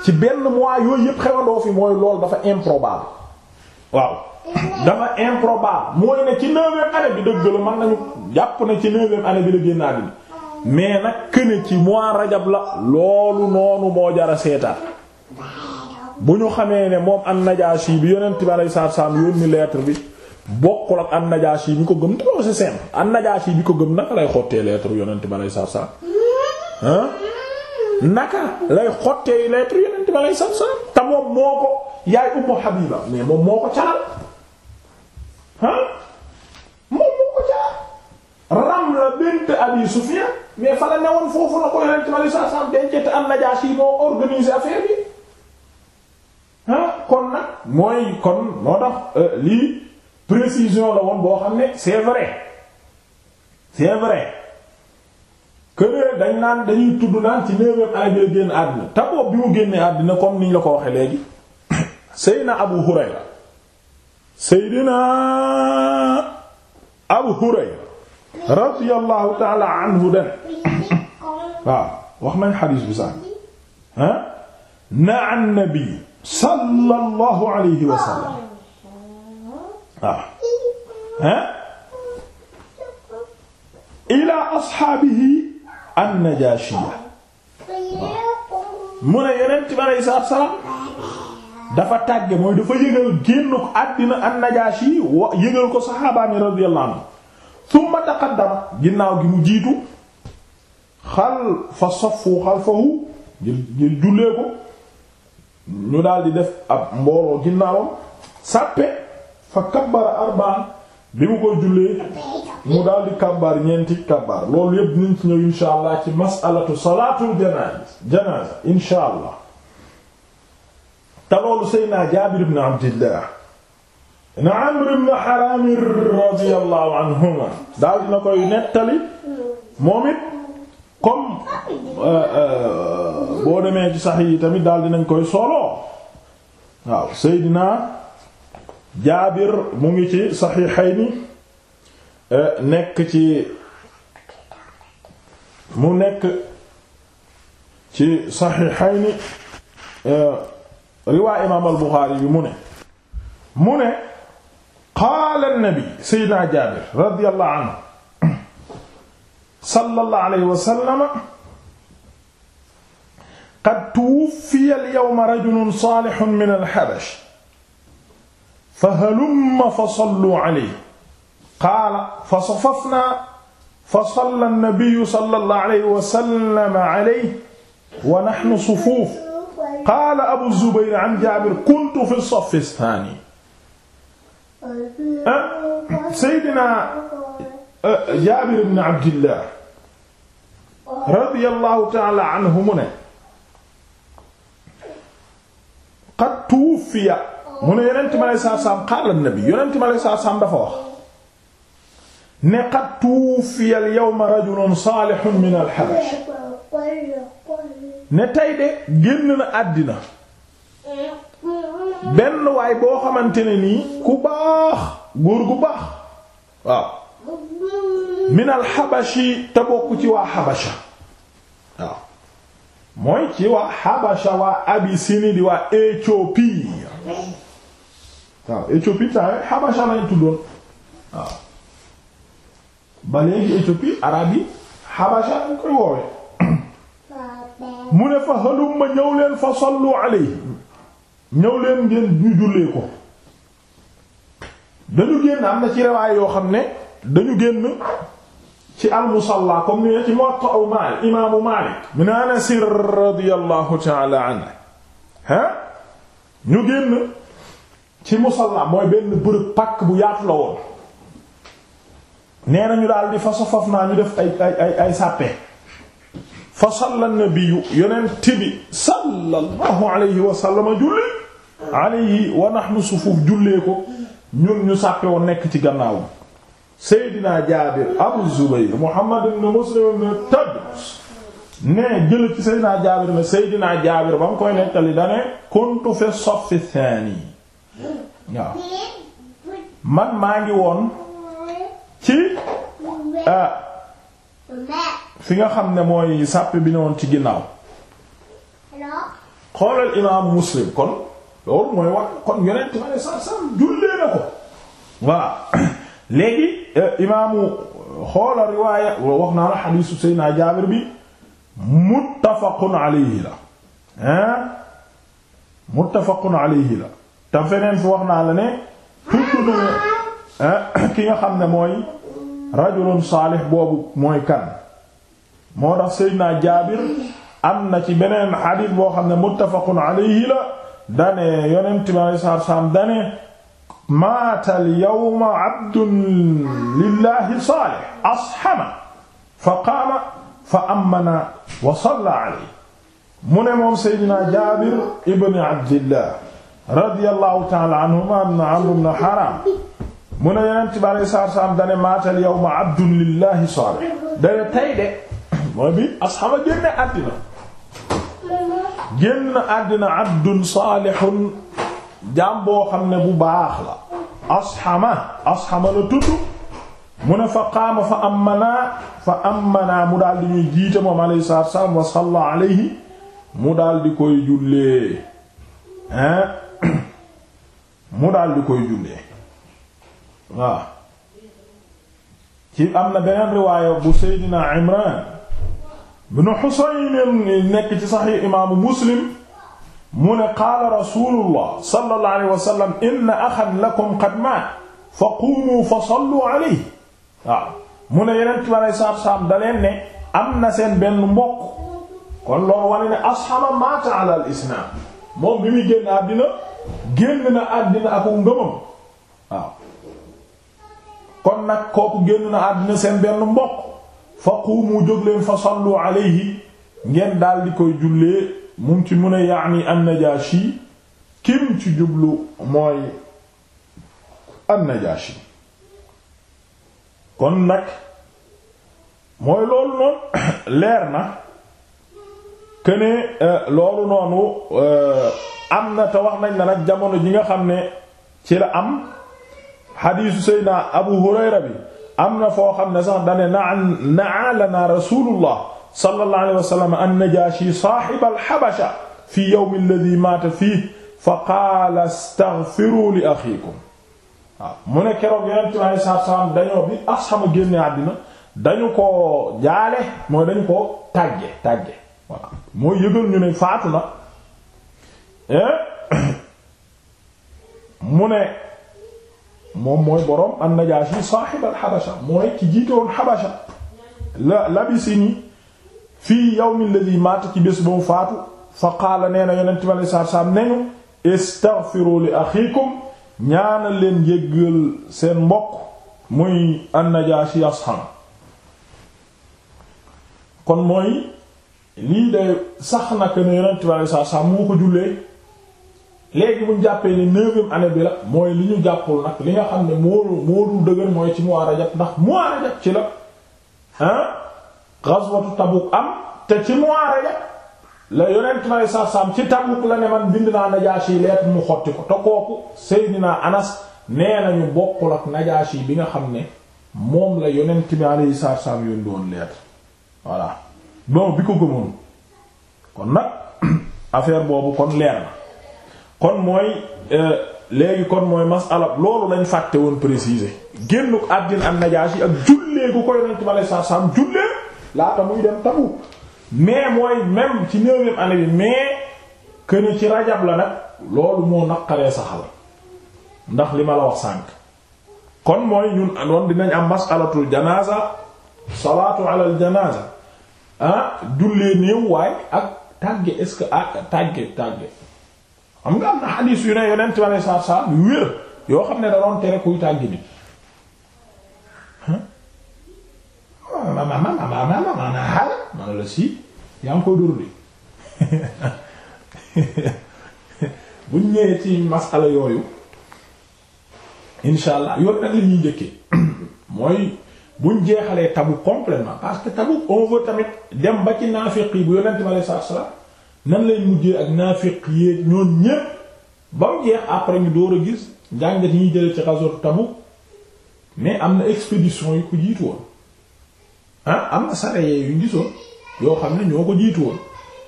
ci benn mois yooyu yépp xewandoo fi mooy lool dafa improbable waaw dafa improbable mooy ne ci neuvième année bi dëgg la mën nañu jàpp ne ci neuvième année bi la génn àddina mais nag këne ci mois rajab la loolu noonu moo jara seetaat bu ñu xamee ne moom an-Najaashi bi yonent bi alayhi salaatu salaam yónni lettre bi bokkul ak an-Najaashi bi ko gëm trop c'est simple an bi ko gëm naka lay xottee lettre yonent bi alayhi salaatu salaam ah naka lay xottee lettre yonent bi alayhi salaatu salaam te moom moo ko yaay Ummu Habiba mais moom moo ko caal Ramla bint Abi Sufyan mais fa la newoon foofu la ko Yonent bi sallallahu alayhi te am Najaasi moo organisé affaire bi ah kon nag mooy kon moo tax euh, lii précision la woon boo xam ne c'est vrai c'est dañ naan dañuy tudd naan ci neuvième année bi génn àddina te bi mu génnee àddina comme niñ la ko waxee léegi Seydina Abu Hurayra Seydina Abu Hurayra radiyallahu taala anhu den waaw wax nañ xadiis bi sax na an sallallahu alayhi wa waaw ah ila asxaabihi an-najaashiya mu ne yonent bi alayhi dafa tàgge mooy dafa yëgal génn ko àddina wa yëgal ko saxaabaami radiyallahu anhu summa taqaddama ginnaaw gi mu jiitu xal fa saffu xalfahu ngir ngir jullee ko ñu daal def ab mbooloo ginnaawam sàppe fa kabbara arbaan bi mu koy jullee mu daal di kabbar ñeenti kabbar loolu yépp niñ ñëw insha allah ci masalatu salaatul janaaza janaaza insha allah te loolu Seydina Jaabir ibn Abdillah na Amr ibn Haram radiyallahu anhuma daal dina koy nettali moom it euh, euh, boo demee ci sax yi tamit daal dinañ koy soloo waaw Seydina Jaabir mu ngi ci Sahihayni euh, nekk ci mu nekk ci Sahihayni riwaay imaam al-Bukhari mu ne mu ne qaala annabi seydina jaabir radiyallahu anhu sallallahu alayhi wa sallam qad tuwuffiya al-yawma rajulun saalihun min al-habash fahalumma fasalluu alayhi qaala fasafafnaa fasalla an-nabiyyu sallallahu alayhi wa sallam alayhi wa nahnu sufuuf qaala abu zubayr an jaabir kuntu fi as-saffi ath-thaani Seydina uh, Jaabir ibn Abdillah radiyallahu ta'ala anhu mu ne qad tuwuffiya mu ne yonent mi alayhi salaatu salaam qaala an-nabi yonent mi alayhi salaatu salaam dafa wax ne qad tuwuffiya al-yawma rajulun saalihun min al-Habash ne tey de génn na àddina benn waay boo xamante ne nii ku baax góor gu baax waaw minal xabashi te bokk ci waa xabasha waaw mooy ci waa xabasha waa Abisini di waa Éthiopie waaw Éthiopie xabasha lañ tuddoon waaw ba léegi Éthiopie arab xabasha koy woowe mu ne fa halum ma ñëw fa sallu alayhi ñëw leen ngeen ñu jullee ko dañu génn am na ci rewaay yoo xam ne dañu génn ci almusalla comme ni ne ci Muwatta aw Maalik imaamu Maalik min Anas radiyallahu ta'ala anhu ha ñu génn ci musalla mooy benn bërëb pàkk bu yaaf la woon nee nañu daal di faso faf naa ñu def ay ay ay sàppe fa salla nabiyu yonent bi sallallahu alayhi wa sallam julli alayhi wa nahnu ñun ñu sàppe woon nekk ci gannaawam seydina jaabir abu zubayr muhammad ibn muslim ibn tadrus ne jële ci seydina jaabir ne seydina jaabir ba koy nettali dane kuntu fi saffi thani man maa ngi woon ci ah, fi nga xam ne mooy sàpp bi ne woon ci ginnaaw xoolal imaamu muslim kon loolu mooy wax kon yonent ma ne sa sam jullee na ko voilà léegi euh, imaamu xoolal riwaaya wax naa la xadiisu Seydina Jaabir bi muttafaqun alayhi la hein muttafaqun alayhi la te feneen fi wax naa la ne tudd na ki nga xam ne mooy rajulun saalix boobu mooy kan moo tax Seydina Jaabir am na ci beneen xadiis boo xam ne muttafaqun alayhi la dane yonent bi alayhi salaatu salaam dane maatal yawma abdun lillahi saalix asxama fa qaama fa ammana wa salla alayhi mu ne moom Seydina Jaabir ibn Abdillah radiyallahu ta'ala anhuma ibn Amr ibn Haram mu ne yeneen dane maatal yawma abdun lillahi salih dane de mooy bi asxama génne àddina génn àddina abdun saalihun jaam boo xam ne bu baax la asxama asxama la tudd mu fa qaama fa ammanaa fa ammanaa mu daal di ñuy jiite moom alayhi mu daal di koy jullee mu daal di koy jullee waaw ci am na beneen riwaaya bu Seydina Imran ibn Husayn nekk ci saxiix imaamu Muslim mu ne qaala rasuulullah sallallahu alayhi wa sallam axan lakum qad maata fa quumu fa sallu alayhi mu ne yeneen ci wàllu saabsaab da ne am na seen benn mbokk kon loolu wane ne asxaba maata ala al islaam moom bi muy génn àddina génn na àddina kon nag kooku génn na àddina seen benn mbokk fa quumu jóg leen fa sallu alayhi ngeen daal di koy jullee mu ngi ci mun a yaani an-Najaashi kim ci jublu mooy an-Najaashi kon nag mooy loolu noonu leer na këne euh, loolu noonu euh, am na te wax nañ na nag jamono ji nga xam ne ci la am xadiisu seydna abu hurayra bi am na foo xam ne sax dane naa lana rasulullah sallallahu alayhi wa sallam an najaashi saaxib alxabasha fi yawmi alladhi maata fiihi fa qaala astaghfiru li axiikum waaw mu ne keroog yonent bi alayhi salaatu wa salaam dañoo bi asxama génne àddina dañu ko jaale mooy dañu ko tàgge tàgge voilà mooy yëgal ñu ne faatu na mu ne moom mooy borom an-Najaashi saaxib al mooy ki jiite woon Xabasha la labisini fii yawmi alladhi maata ci bés ba mu faatu fa qaala nee na yonent bi alayhi salaatu salaam li axiikum ñaanal leen jéggal seen mbokk muy an-Najaashi kon mooy lii day sax na ne yonent bi alayhi salaatu salaam moo ko jullee léegi bu ñu jàppee ni neuvième année bi la mooy li ñu jàppul nag li nga xam ne moo moo dul dëgër mooy ci mois rajab ndax mois rajab ci la ah ghazwatu Tabuk am te ci mois rajab la yonent sarsam ci Tabuk la ne man bind naa Najaashi lettre mu xotti ko te kooku Seydina Anas nee nañu bokkul ak Najaashi bi nga xam ne moom la yonent bi alayhi sarsam yónni woon lettre voilà bon bi ko gëmoon kon nag affaire boobu kon leer na. kon mooy euh, léegi kon mooy masala loolu lañ fàtte woon préciser génnu àddina am Najaashi ak jullee gu ko yonent bi alayhi salaam jullee laata muy dem Tabuk mais mooy même ci neuvième année bi mais këne ci rajab la nag loolu moo naqaree saxal ndax li ma la wax sànk kon mooy ñun doon dinañ am masalatul janaza salaatu alal janaza ah jullee néew waaye ak tàgge est-ce que ah tàgge tàgge xam nga am na xadiis yu ne yonent ma ne saar saar yoo xam ne da doon tere kuy tàgg nit ma ma ma ma ma ma na xaal yooyu insha yoon nag li ñuy njëkkee mooy buñ jeexalee tabu complètement parce tabu on tamit dem ba ci naafiq yi bu yonent ma ne saar saar nan lay mujjee ak naafiq yéeg ñoon ñépp ba mu jeex après ñu door a gis njàngat yi ñuy jële ci ghazwat Tabuk mais am na expédition yu ko jiitu woon ah am na sareye yu ñu yoo xam ne ñoo ko jiitu woon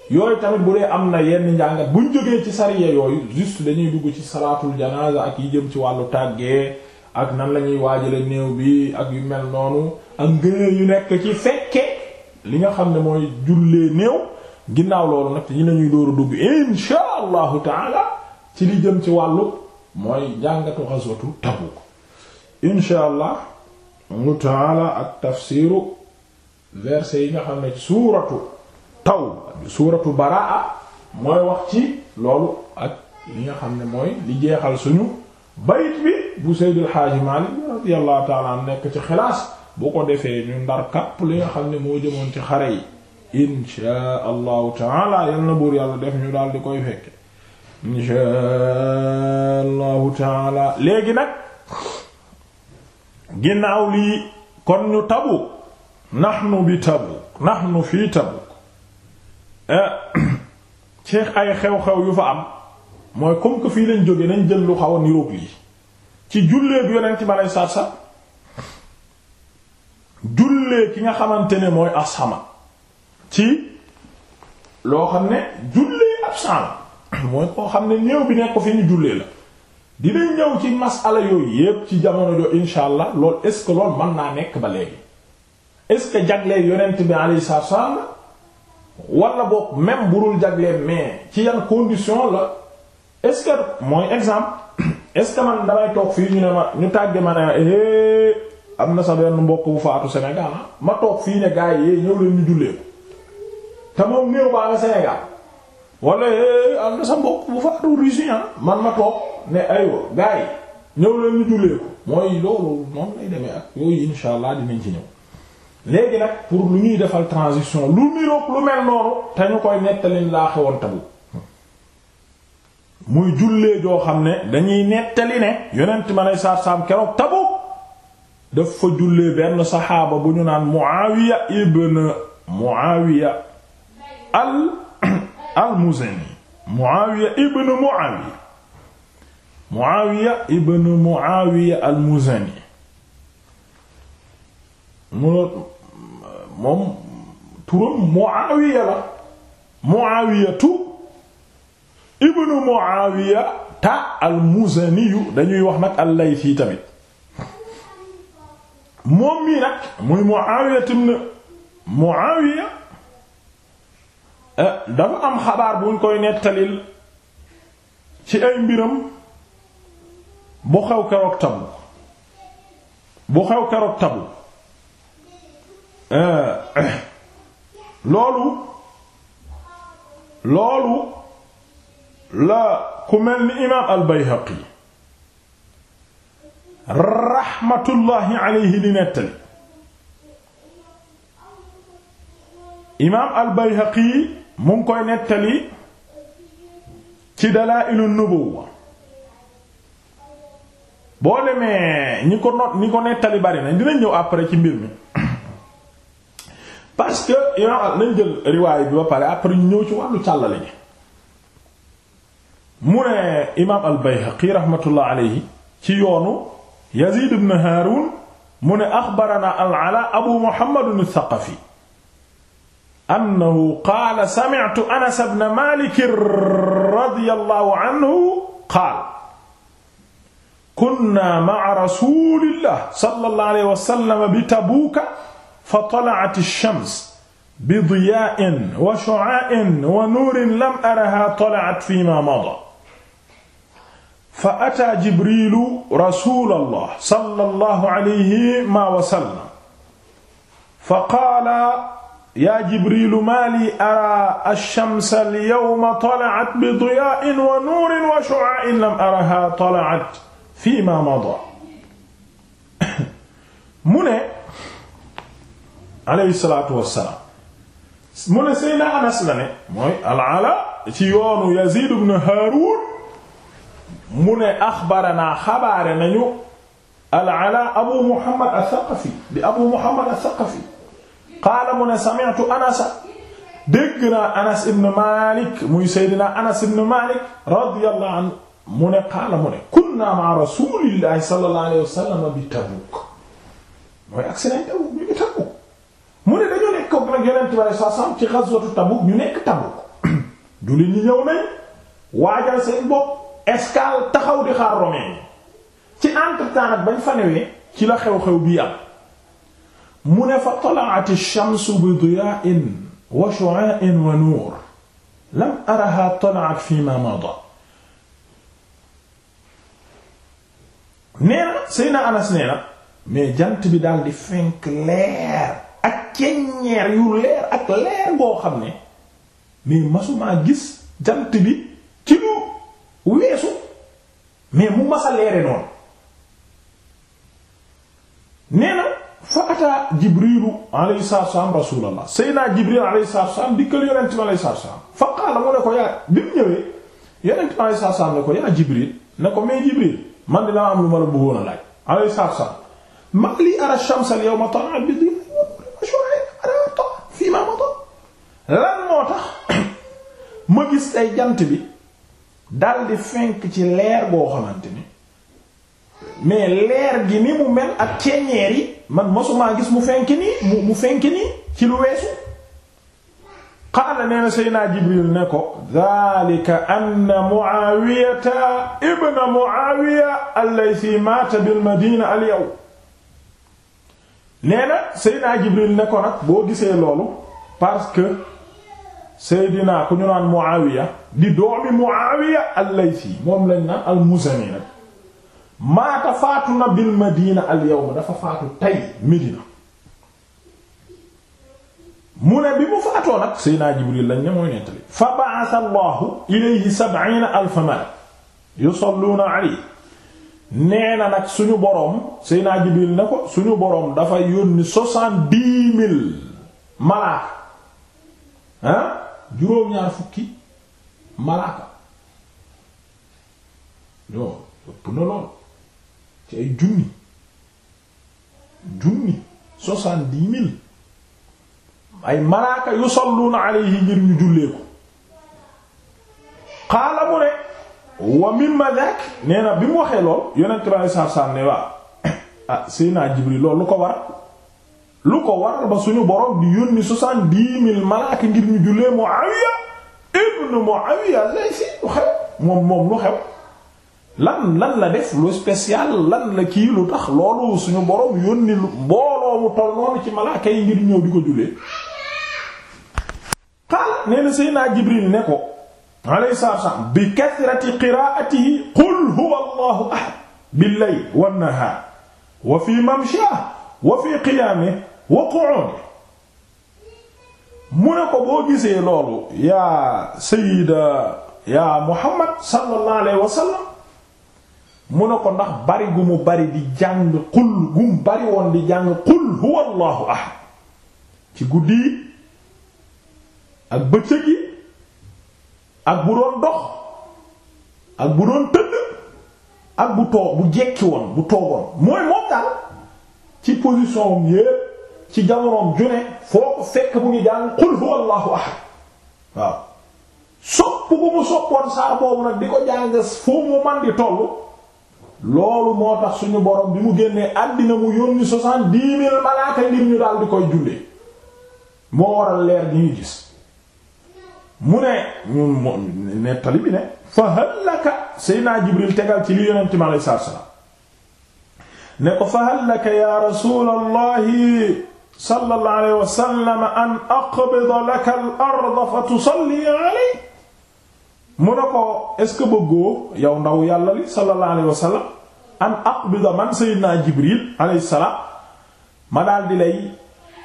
yooyu tamit bu dee am na yenn njàngat buñ jógee ci sareye yooyu juste dañuy dugg ci salaatul janaza ak yi jëm ci wàllu tàggee ak nan lañuy ñuy waajale néew bi ak yu mel noonu ak ngëneel yu nekk ci fekke li nga xam ne mooy jullee néew ginnaaw loolu nag yi nañuy dooru dugg insha allahu taala ci li jëm ci wàllu mooy jàngatu ghazwatu Tabuk insha allah mu taala ak tafsiru verse yi nga xam ne suuratu Tawba suuratu Baraa mooy wax ci loolu ak li nga xam ne mooy li jeexal suñu bayit bi bu Seydil Haaji Maalik radiyallahu taala nekk ci xilaas bu ko defee ñu ndar kàpp li nga xam ne moo jëmoon ci xare yi inshaa allahu taala yal na buur yàlla def ñu daal di koy fekke inshaa allahu taala léegi nag ginnaaw lii kon ñu Tabuk nahnu bi Tabuk nahnu fii Tabuk eh, ci ay xew-xew yu fa am mooy comme que fii lañ jóge nañ jël lu xaw a niroog lii ci jullee bi yonent ma lay sarsar jullee ki nga xamante ne mooy asxama ci loo xam ne jullee absent la mooy koo xam ne néew bi nekk ko fi ñu jullee la dinañ ñëw ci masala yooyu yépp ci jamono jo insha lool loolu est-ce que loolu mën naa nekk ba léegi est-ce que jagleel yonent bi alayhi salaatu wa salaam wala boog même burul jagleel mais ci yan condition la est-ce que mooy exemple est-ce que damay toog fii ñu ne ma ñu tàgge ma ne eh, am na sa benn mbokk bu faatu Sénégal ah. ma toog fii ne gars yi eh, ñëw leen ñu jullee ko te moom néew baa nga Sénégal wala eh, am na sa mbokk bu faatu Russie ah. man ma toog ne aywa gars yi ñëw leen ñu jullee ko mooy loolu noonu lay demee ak yooyu insha allah dinañ ci ñëw. léegi nag pour lu ñuy defal transition lu niroog lu mel noonu te ñu koy nettali laa xewoon tabu muy jullee joo xam ne dañuy nettali ne yonent ma lay saar saam keroog tabu dafa jullee benn saxaaba bu ñu naan Muawiya ibn Muawiya al al-Muzani Muawiya ibn Muawiya Muawiya ibn Muawiya al-Muzani mu moom turam Muawiya la Muawiyatu ibn Muawiya ta al-Muzani dañuy wax nag al-Laythi tamit moom mii nag muy Muawiya ibn Muawiya Eh, dafa am xabaar buñ koy nettalil ci ay mbiram bu xew keroog tabu bu xew keroog tabu eh, eh. loolu loolu la ku mel ni imaam al Bayhaqi raxmatullaahi alayhi di nettali imaam al Bayhaqi mu ngi koy nettali ci Dalaa'ilu Nubuwwa boo demee ñi ko not ñi ko nettali bari na dinañ ñëw après ci mbir mi parce que yow nañ jël riwaay bi ba pare après ñu ñëw ci wàllu càllale ji mu ne imaam al-Bayhaqi rahmatullah alayhi ci yoonu Yazid ibn Harun mu ne axbarana al-Alaa Abu Muhammad al-Thaqafi annahu qaala sami'tu Anas ibn Maalik radiyallahu anhu qaala kunna ma'a rasuulillah sallallahu alayhi wa sallam bi Tabuuka fa tala'at ash-shams bi diyaa'in wa shu'aa'in wa nuurin lam arahaa tala'at fiimaa madaa fa ataa Jibriilu rasuulallah sallallahu alayhi wa sallam fa qaala yaa jibrilu maali ara alchamsa alyowma talaat bi diyaain wa nuurin wa shu'aa'in lam araha talaat fii ma mada mu ne aleyhi salaatu wassalaam mu ne Seydina Anas la ne mooy al-Alaa ci yoonu Yaziid ibn Haaruun mu ne axbaranaa xabaare nañu al-Alaa Abu Muhammad as-Saqafi di Abu Muhammad as-Saqafi qaala mu ne sami'tu anasa dégg naa anas ibn malik muy seydina anas ibn malik radiyallahu anhu mu ne qaala mu ne kunna ma rasulillahi sallallahu alayhi bi tabuk mooy agsi nañ ñu ne dañoo nekk ko nag yonent bi salaam ci ghazwatu tabuk ñu nekk tabuk jullit ñi ñëw nañ waajal seen bopp escale taxaw di xaar romain ci entre temps nag bañ fa newee ci la xew-xew bii am mu ne fa talaat ash-shamsu bi diyaa'in wa shu'aa'in wa nuur lam araha talaat fi ma mada na Anas nee mais jant bi daal di fenk leer ak ceññeer yu leer ak leer boo xam ne mais masumaa gis jant bi ci lu weesu mais mu masa leere noonu nee fa ataa jibrilu alayhi wa salaam rasulallah seydinaa jibril alayhi salaatu salaam dikkal yonent bi alayhi salaatu wa salaam fa qaala mu ko yaa bi mu ñëwee yonent bi alayhi salaatu salaam ne yaa jibril ne ko mais jibril man dinaa am lu ma la bëggoon a laaj alayhi salaatu salaam ma lii ara shamsa al yawma tala'at bi diin fii ma ma toog lan moo tax ma gis ay jant bi dal di fenk ci leer boo xamante mais leer gi ni mu mel ak ceeñeer man masumaa gis mu fenk nii mu mu nii ci lu weesu qaala nee na seydinaa Jibril ne ko dhalika anna Muawiyata ibna Muawiya allaysi maata bil madina al yawm nee na seydinaa Jibril ne ko nag boo gisee loolu parce que seydinaa ku ñu naan Muawiya di doomi Muawiya allaysi moom lañ naan al Muzani nag maata faatu na bil madina al yawma dafa faatu tey Medina mu ne bi mu faatoo nag Seydina Jibril lañ ne mooy nettali fa ba'atha Allahu ilayhi sab'iina alfa malak yusalluuna alayhi nee na nag suñu boroom Seydina Jibril ne ko suñu boroom dafa yónni soixante-dix mille malaaka ah juróom-ñaar fukki malaaka yo ëpp na lool ci ay junni junni soixante-dix mille ay malaaka yusalluuna alayhi ngir ñu jullee ko xaala mu ne wa mimma nee na bi mu waxee lool yonent bi alei satu salaam ne waa ah Seydina Jibril loolu lu ko waral lu ko waral ba suñu borom di yónni soixante-dix mille malaaka ngir ñu jullee Muawiya ibn Muawiya lay si lu xew moom moom lu xew lan lan la def lu spécial lan la kii lu tax loolu suñu borom yónni lu mbooloo ci malaaka yi ngir ñëw di ko jullee qaal nee na Jibril ne ko alayhi salaam bi kasrati qiraatihi qul huwa allahu ahad bil layl wan wa fi mamshaa wa fi qiyaamihi wa qu'uudihi mu ne ko boo gisee loolu yaa sayyida yaa Muhammad sallallahu wa sallam mu ne ko ndax bari gu mu bari di jàng xul gu mu bari woon di jàng xul huwa allahu ahad ci guddi yi ak bëccëg yi ak bu doon dox ak bu doon tëdd ak bu toog bu jekki woon bu toogoon mooy moom ci position am yépp ci jamonoom june foo ko fekk mu ngi jàng xul huwa allahu ahad waaw sopp gu mu soppoon saar boobu nag di ko jàng fu mu man di tollu loolu moo tax suñu borom bi mu génnee àddina mu yónni soixante-dix mille malaaka ngir ñu daal di koy jullee moo waral leer gi ñu gis mu ne ñun nettali bi ne fa hal laka Seydina Jibril tegal ci li yonent mi alayhi salaatu salaam fa hal laka ya rasulallahi sallallahu alayhi wa sallam an aqbida laka al fa tusalli alayhi mu ne ko est-ce que bëggoo yow ndaw yàlla li sallallahu alayhi wa sallam an aqbida man sayyidina jibril alayhi salaam ma daal di lay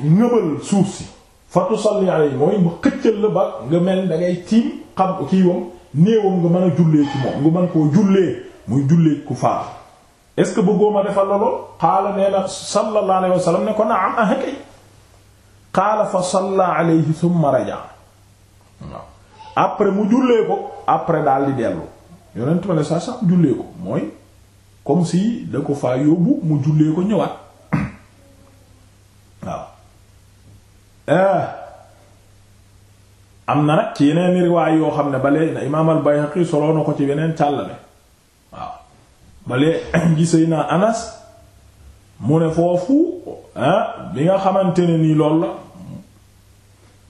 ngëbal suuf si fa tusalli alayhi mooy mu xëccal la ba nga mel da ngay tiim xam kii wam néewam nga mën a jullee ci moom nga mën koo jullee muy jullee ku faatu est-ce que bëggoo ma defal la lool nee na sallallahu alayhi wa sallam ne ko naam ah kay qaala fa salla alayhi thumma après mu jullee ko après daal di dellu yonent ma la saa saa jullee ko mooy comme si da ko faa yóbbu mu jullee ko ñëwaat waaw eh. am na nag ci yeneen riwaay yoo xam ne balee na imaam al-Bayhaqi soloo ko ci yeneen càllale waaw balee gisee naa Anas mu ne foofu eh, bi nga xamante ne nii loolu la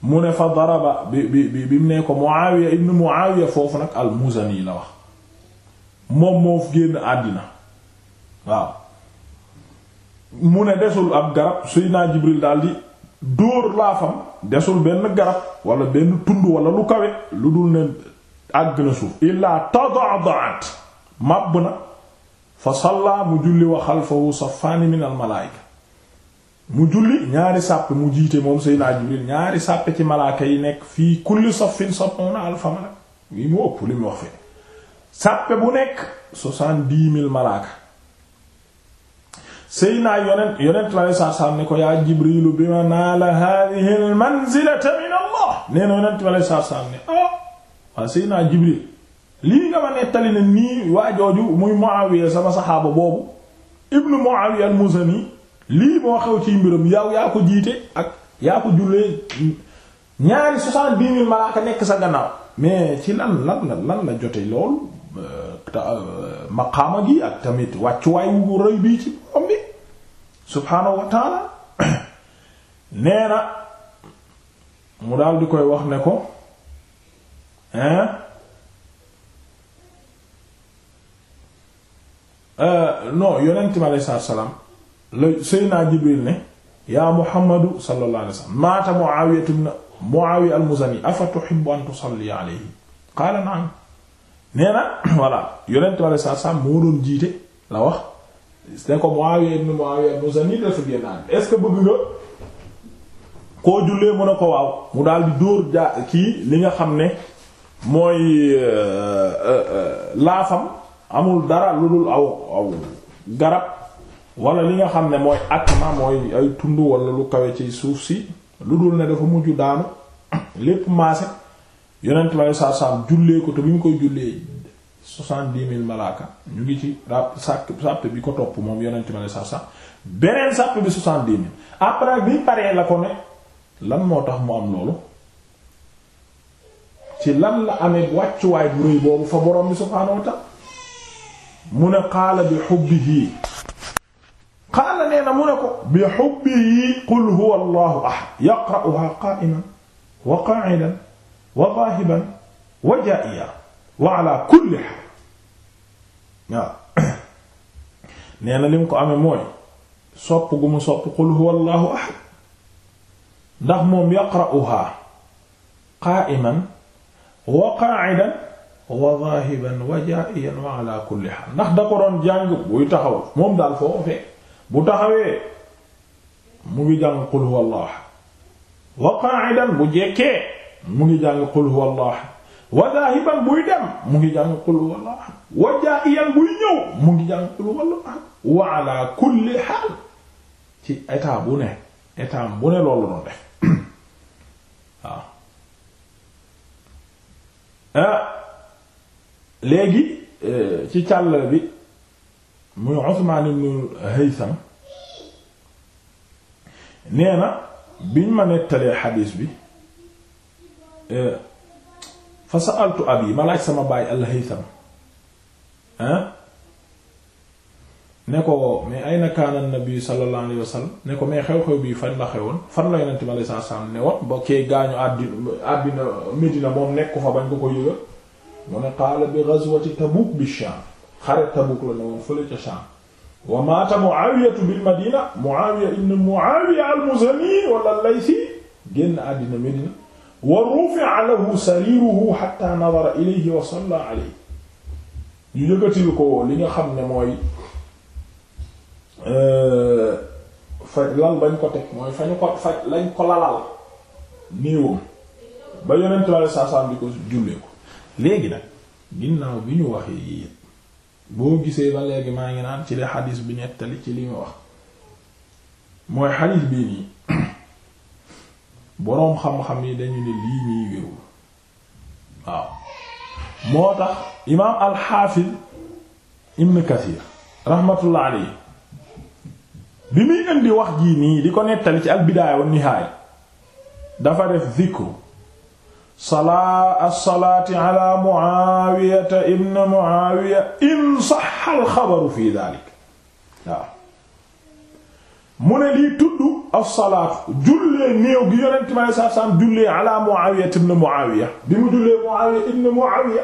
mu ne fa daraba bi bi bi bi mu ne ko Muawiya ibn Muawiya foofu nag al-Muzani la wax moom moo génn àddina waaw mu ne desul ab garab Seydina Jibril daldi dóor laafam desul benn garab walla benn tund walla lu kawe lu dul ne àgg na suuf illaa tadadaat màbb na fa salla mu julli wa xalfahu safaani min al malaayika mu julli ñaari sàppe mu jiite moom Seydina Jibril ñaari sàppe ci malaaka yi nekk fii kulli saffin sab'una alfa ëpp li wax fi bu nekk soixante-dix mille malaaka Seydina yonent yonent la sa sam ko yaa Jibrilu bi ma naa la hadhihi manzilata min Allah yonent la sa sam ne ah waa Jibril lii nga ma nettali ne nii waa jooju muy Muawiya sama saxaaba boobu ibnu Muawiya al-Muzani lii moo xew ciy mbiram yow yaa ko jiite ak yaa ko jullee ñaari soixante-dix mille malaaka nekk sa gannaaw mais ci lan lan la lan la jote loolu euh, euh, maqaama gi ak tamit wàccuwaay wu rëy bii ci boppam bi subhaanahu nee na mu daal di koy wax ne ko hein euh, non yonent mi salaam la Seydina Jibril ne yaa Muhammadu sallallahu alayhi wa sallam maata Muawiya ibn Muawiya al-Muzani afa tuhibbu an tusalli alayhi qaala na'am nee na voilà yonent bi saa saa moo doon jiite la wax ne ko Muawiya ibn Muawiya al-Muzani dafa génn est-ce bëgg nga koo jullee mën a ko waaw mu daal di dóor ja kii li nga xam ne mooy euh, euh, euh, laafam amul dara lu dul aw aw garab. wala li nga xam ne mooy atma mooy ay tund wala lu kawe ci suuf si lu dul ne dafa mujj daanu lépp maase yonent ma saa saam jullee ko te bi ñu koy jullee soixante-dix mille malaaka ñu ngi ci ràpp sàpp sàpp bi ko topp moom yonent ma saa saam beneen sàpp bi soixante-dix mille après bi paree la ko ne lan moo tax mu am loolu ci lan la amee wàccuwaay bu rëy boobu fa borom bi subhaanahu wa mu ne xaala bi xubbihi qaala nee na mu ne ko bi hubbi qul huwa allahu ahad yaqra'uha qa'iman wa qa'idan wa dhaahiban wa jaa'iyan wa ala kulli haal waaw nee na li mu ko amee mooy sopp gu mu sopp qul huwa allahu ahad ndax moom yaqra'uha qa'iman wa qa'idan wa dhaahiban wa jaa'iyan wa ala kulli haal ndax da ko doon jàng buy taxaw moom daal foo fekk bu taxawee mu ngi jàng qul huwallah wa qa'idan bu jekkee mu ngi jàng qul huwallah wa zahiban buy dem mu ngi jàng qul huwallah wa ja'iyan buy ñëw mu ngi jàng qul huwallah wa ala kulli état bu ne ah léegi euh, ci càll bi muy Usmaan ibn Haytham nee na biñ ma nettalee xadiis bi eh, fa sa'altu abi ma laaj sama baay al-Haytham ah ne ko mais ayna kaana an-nabi sallallahu alayhi wa ne fan la xewoon fan la yonent bi alayhi woon ba kee gaañu àddina àddina Medina moom nekku fa bañ ko ko yëgal mu ne qaala bi ghazwati Tabuk bi Shaam xare Tabuk la ne woon fële ca Sham wa maata Muawiyatu bil Madina Muawiya ibn Muawiya al-Muzani wala al génn àddina Medina wa rufi'a lahu sariruhu ñu ko li nga xam ne mooy euh, fa lal bañ ko mooy fañu fa lañ ko lalal néewam ba yonent bi sallallahu alayhi ko jullee ko léegi nag ginnaaw bi ñu waxee boo gisee ba léegi maa ngi naan ci li xadis bi nettali ci li mu wax mooy xadis bii nii boroom xam-xam yi dañu ne lii nii wérul waaw moo tax imaam alxaafiz ibn kathir rahmatullah alayhi bi muy indi wax jii nii di ko nettali ci albidaaya wa nihaaya dafa def zikru salaa as-salaati ala Muaawiyata ibn Muaawiya in sahha al-xabaru fi daalika mu ne lii tudd as-salaatu jullee néew gi Yonent mi alayhi salaatu wa salaam jullee ala ibn mu jullee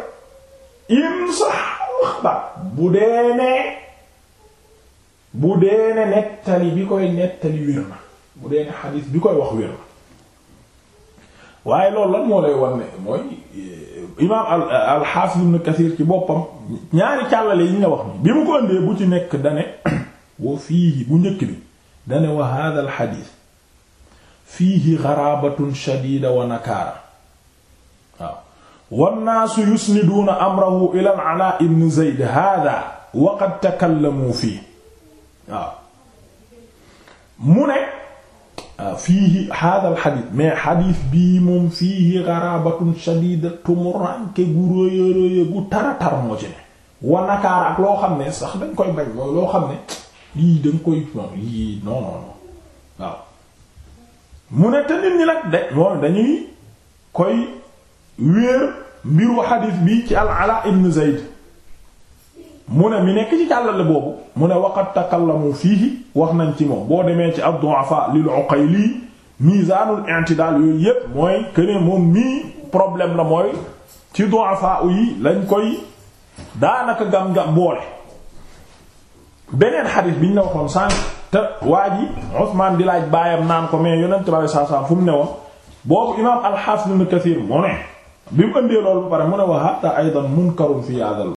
in sahha al-xabar bu dee bu dee nettali bi koy nettali wér bu dee ne bi koy wax wér waaye loolu lan moo lay wan ne mooy eh, imaam eh, al-Hafiz Kathir ci boppam ñaari càllale yi ñu la wax ni bi mu ko ëndee bu ci nekk dane wa fiihi bu njëkk bi dane wa hadha al-hadith fiihi gharabatun shadida wa nakara waaw wannaasu yusniduuna amrahu ila al-Alaa ibn Zayd hadha wa qad takallamu fiihi mu ne fii fiihi hada mais xadis bii moom fiihi garabatun shadidatu muranke gu rëya rëya gu taratar moo ci ne wanakaar ak loo xam ne sax dañ koy bañ loo xam ne lii dañ koy non lii non non waaw mu ne te nit ñi nag de moom dañuy koy wéer mbiru xadis bi ci al ala ibn zayd mu ne mi nekk ci càllale boobu mu ne waqad takallamu fiihi wax nañ ci moom boo demee ci ad-du'afa lil uqayli mizaanul i'tidaal yooyu yépp mooy que moom mii problème la mooy ci du'afa yi lañ koy daanaka gam-gam boole. beneen xadis bi ñu la waxoon sànq te waa ji Usmaan di laaj baayam naan ko mais yonent bi saa saa fu mu ne wax boobu imaam al-Haafiz Ibn mu ne bi mu ëndee loolu ba pare mu ne wa hatta aydan munkarun fi hadal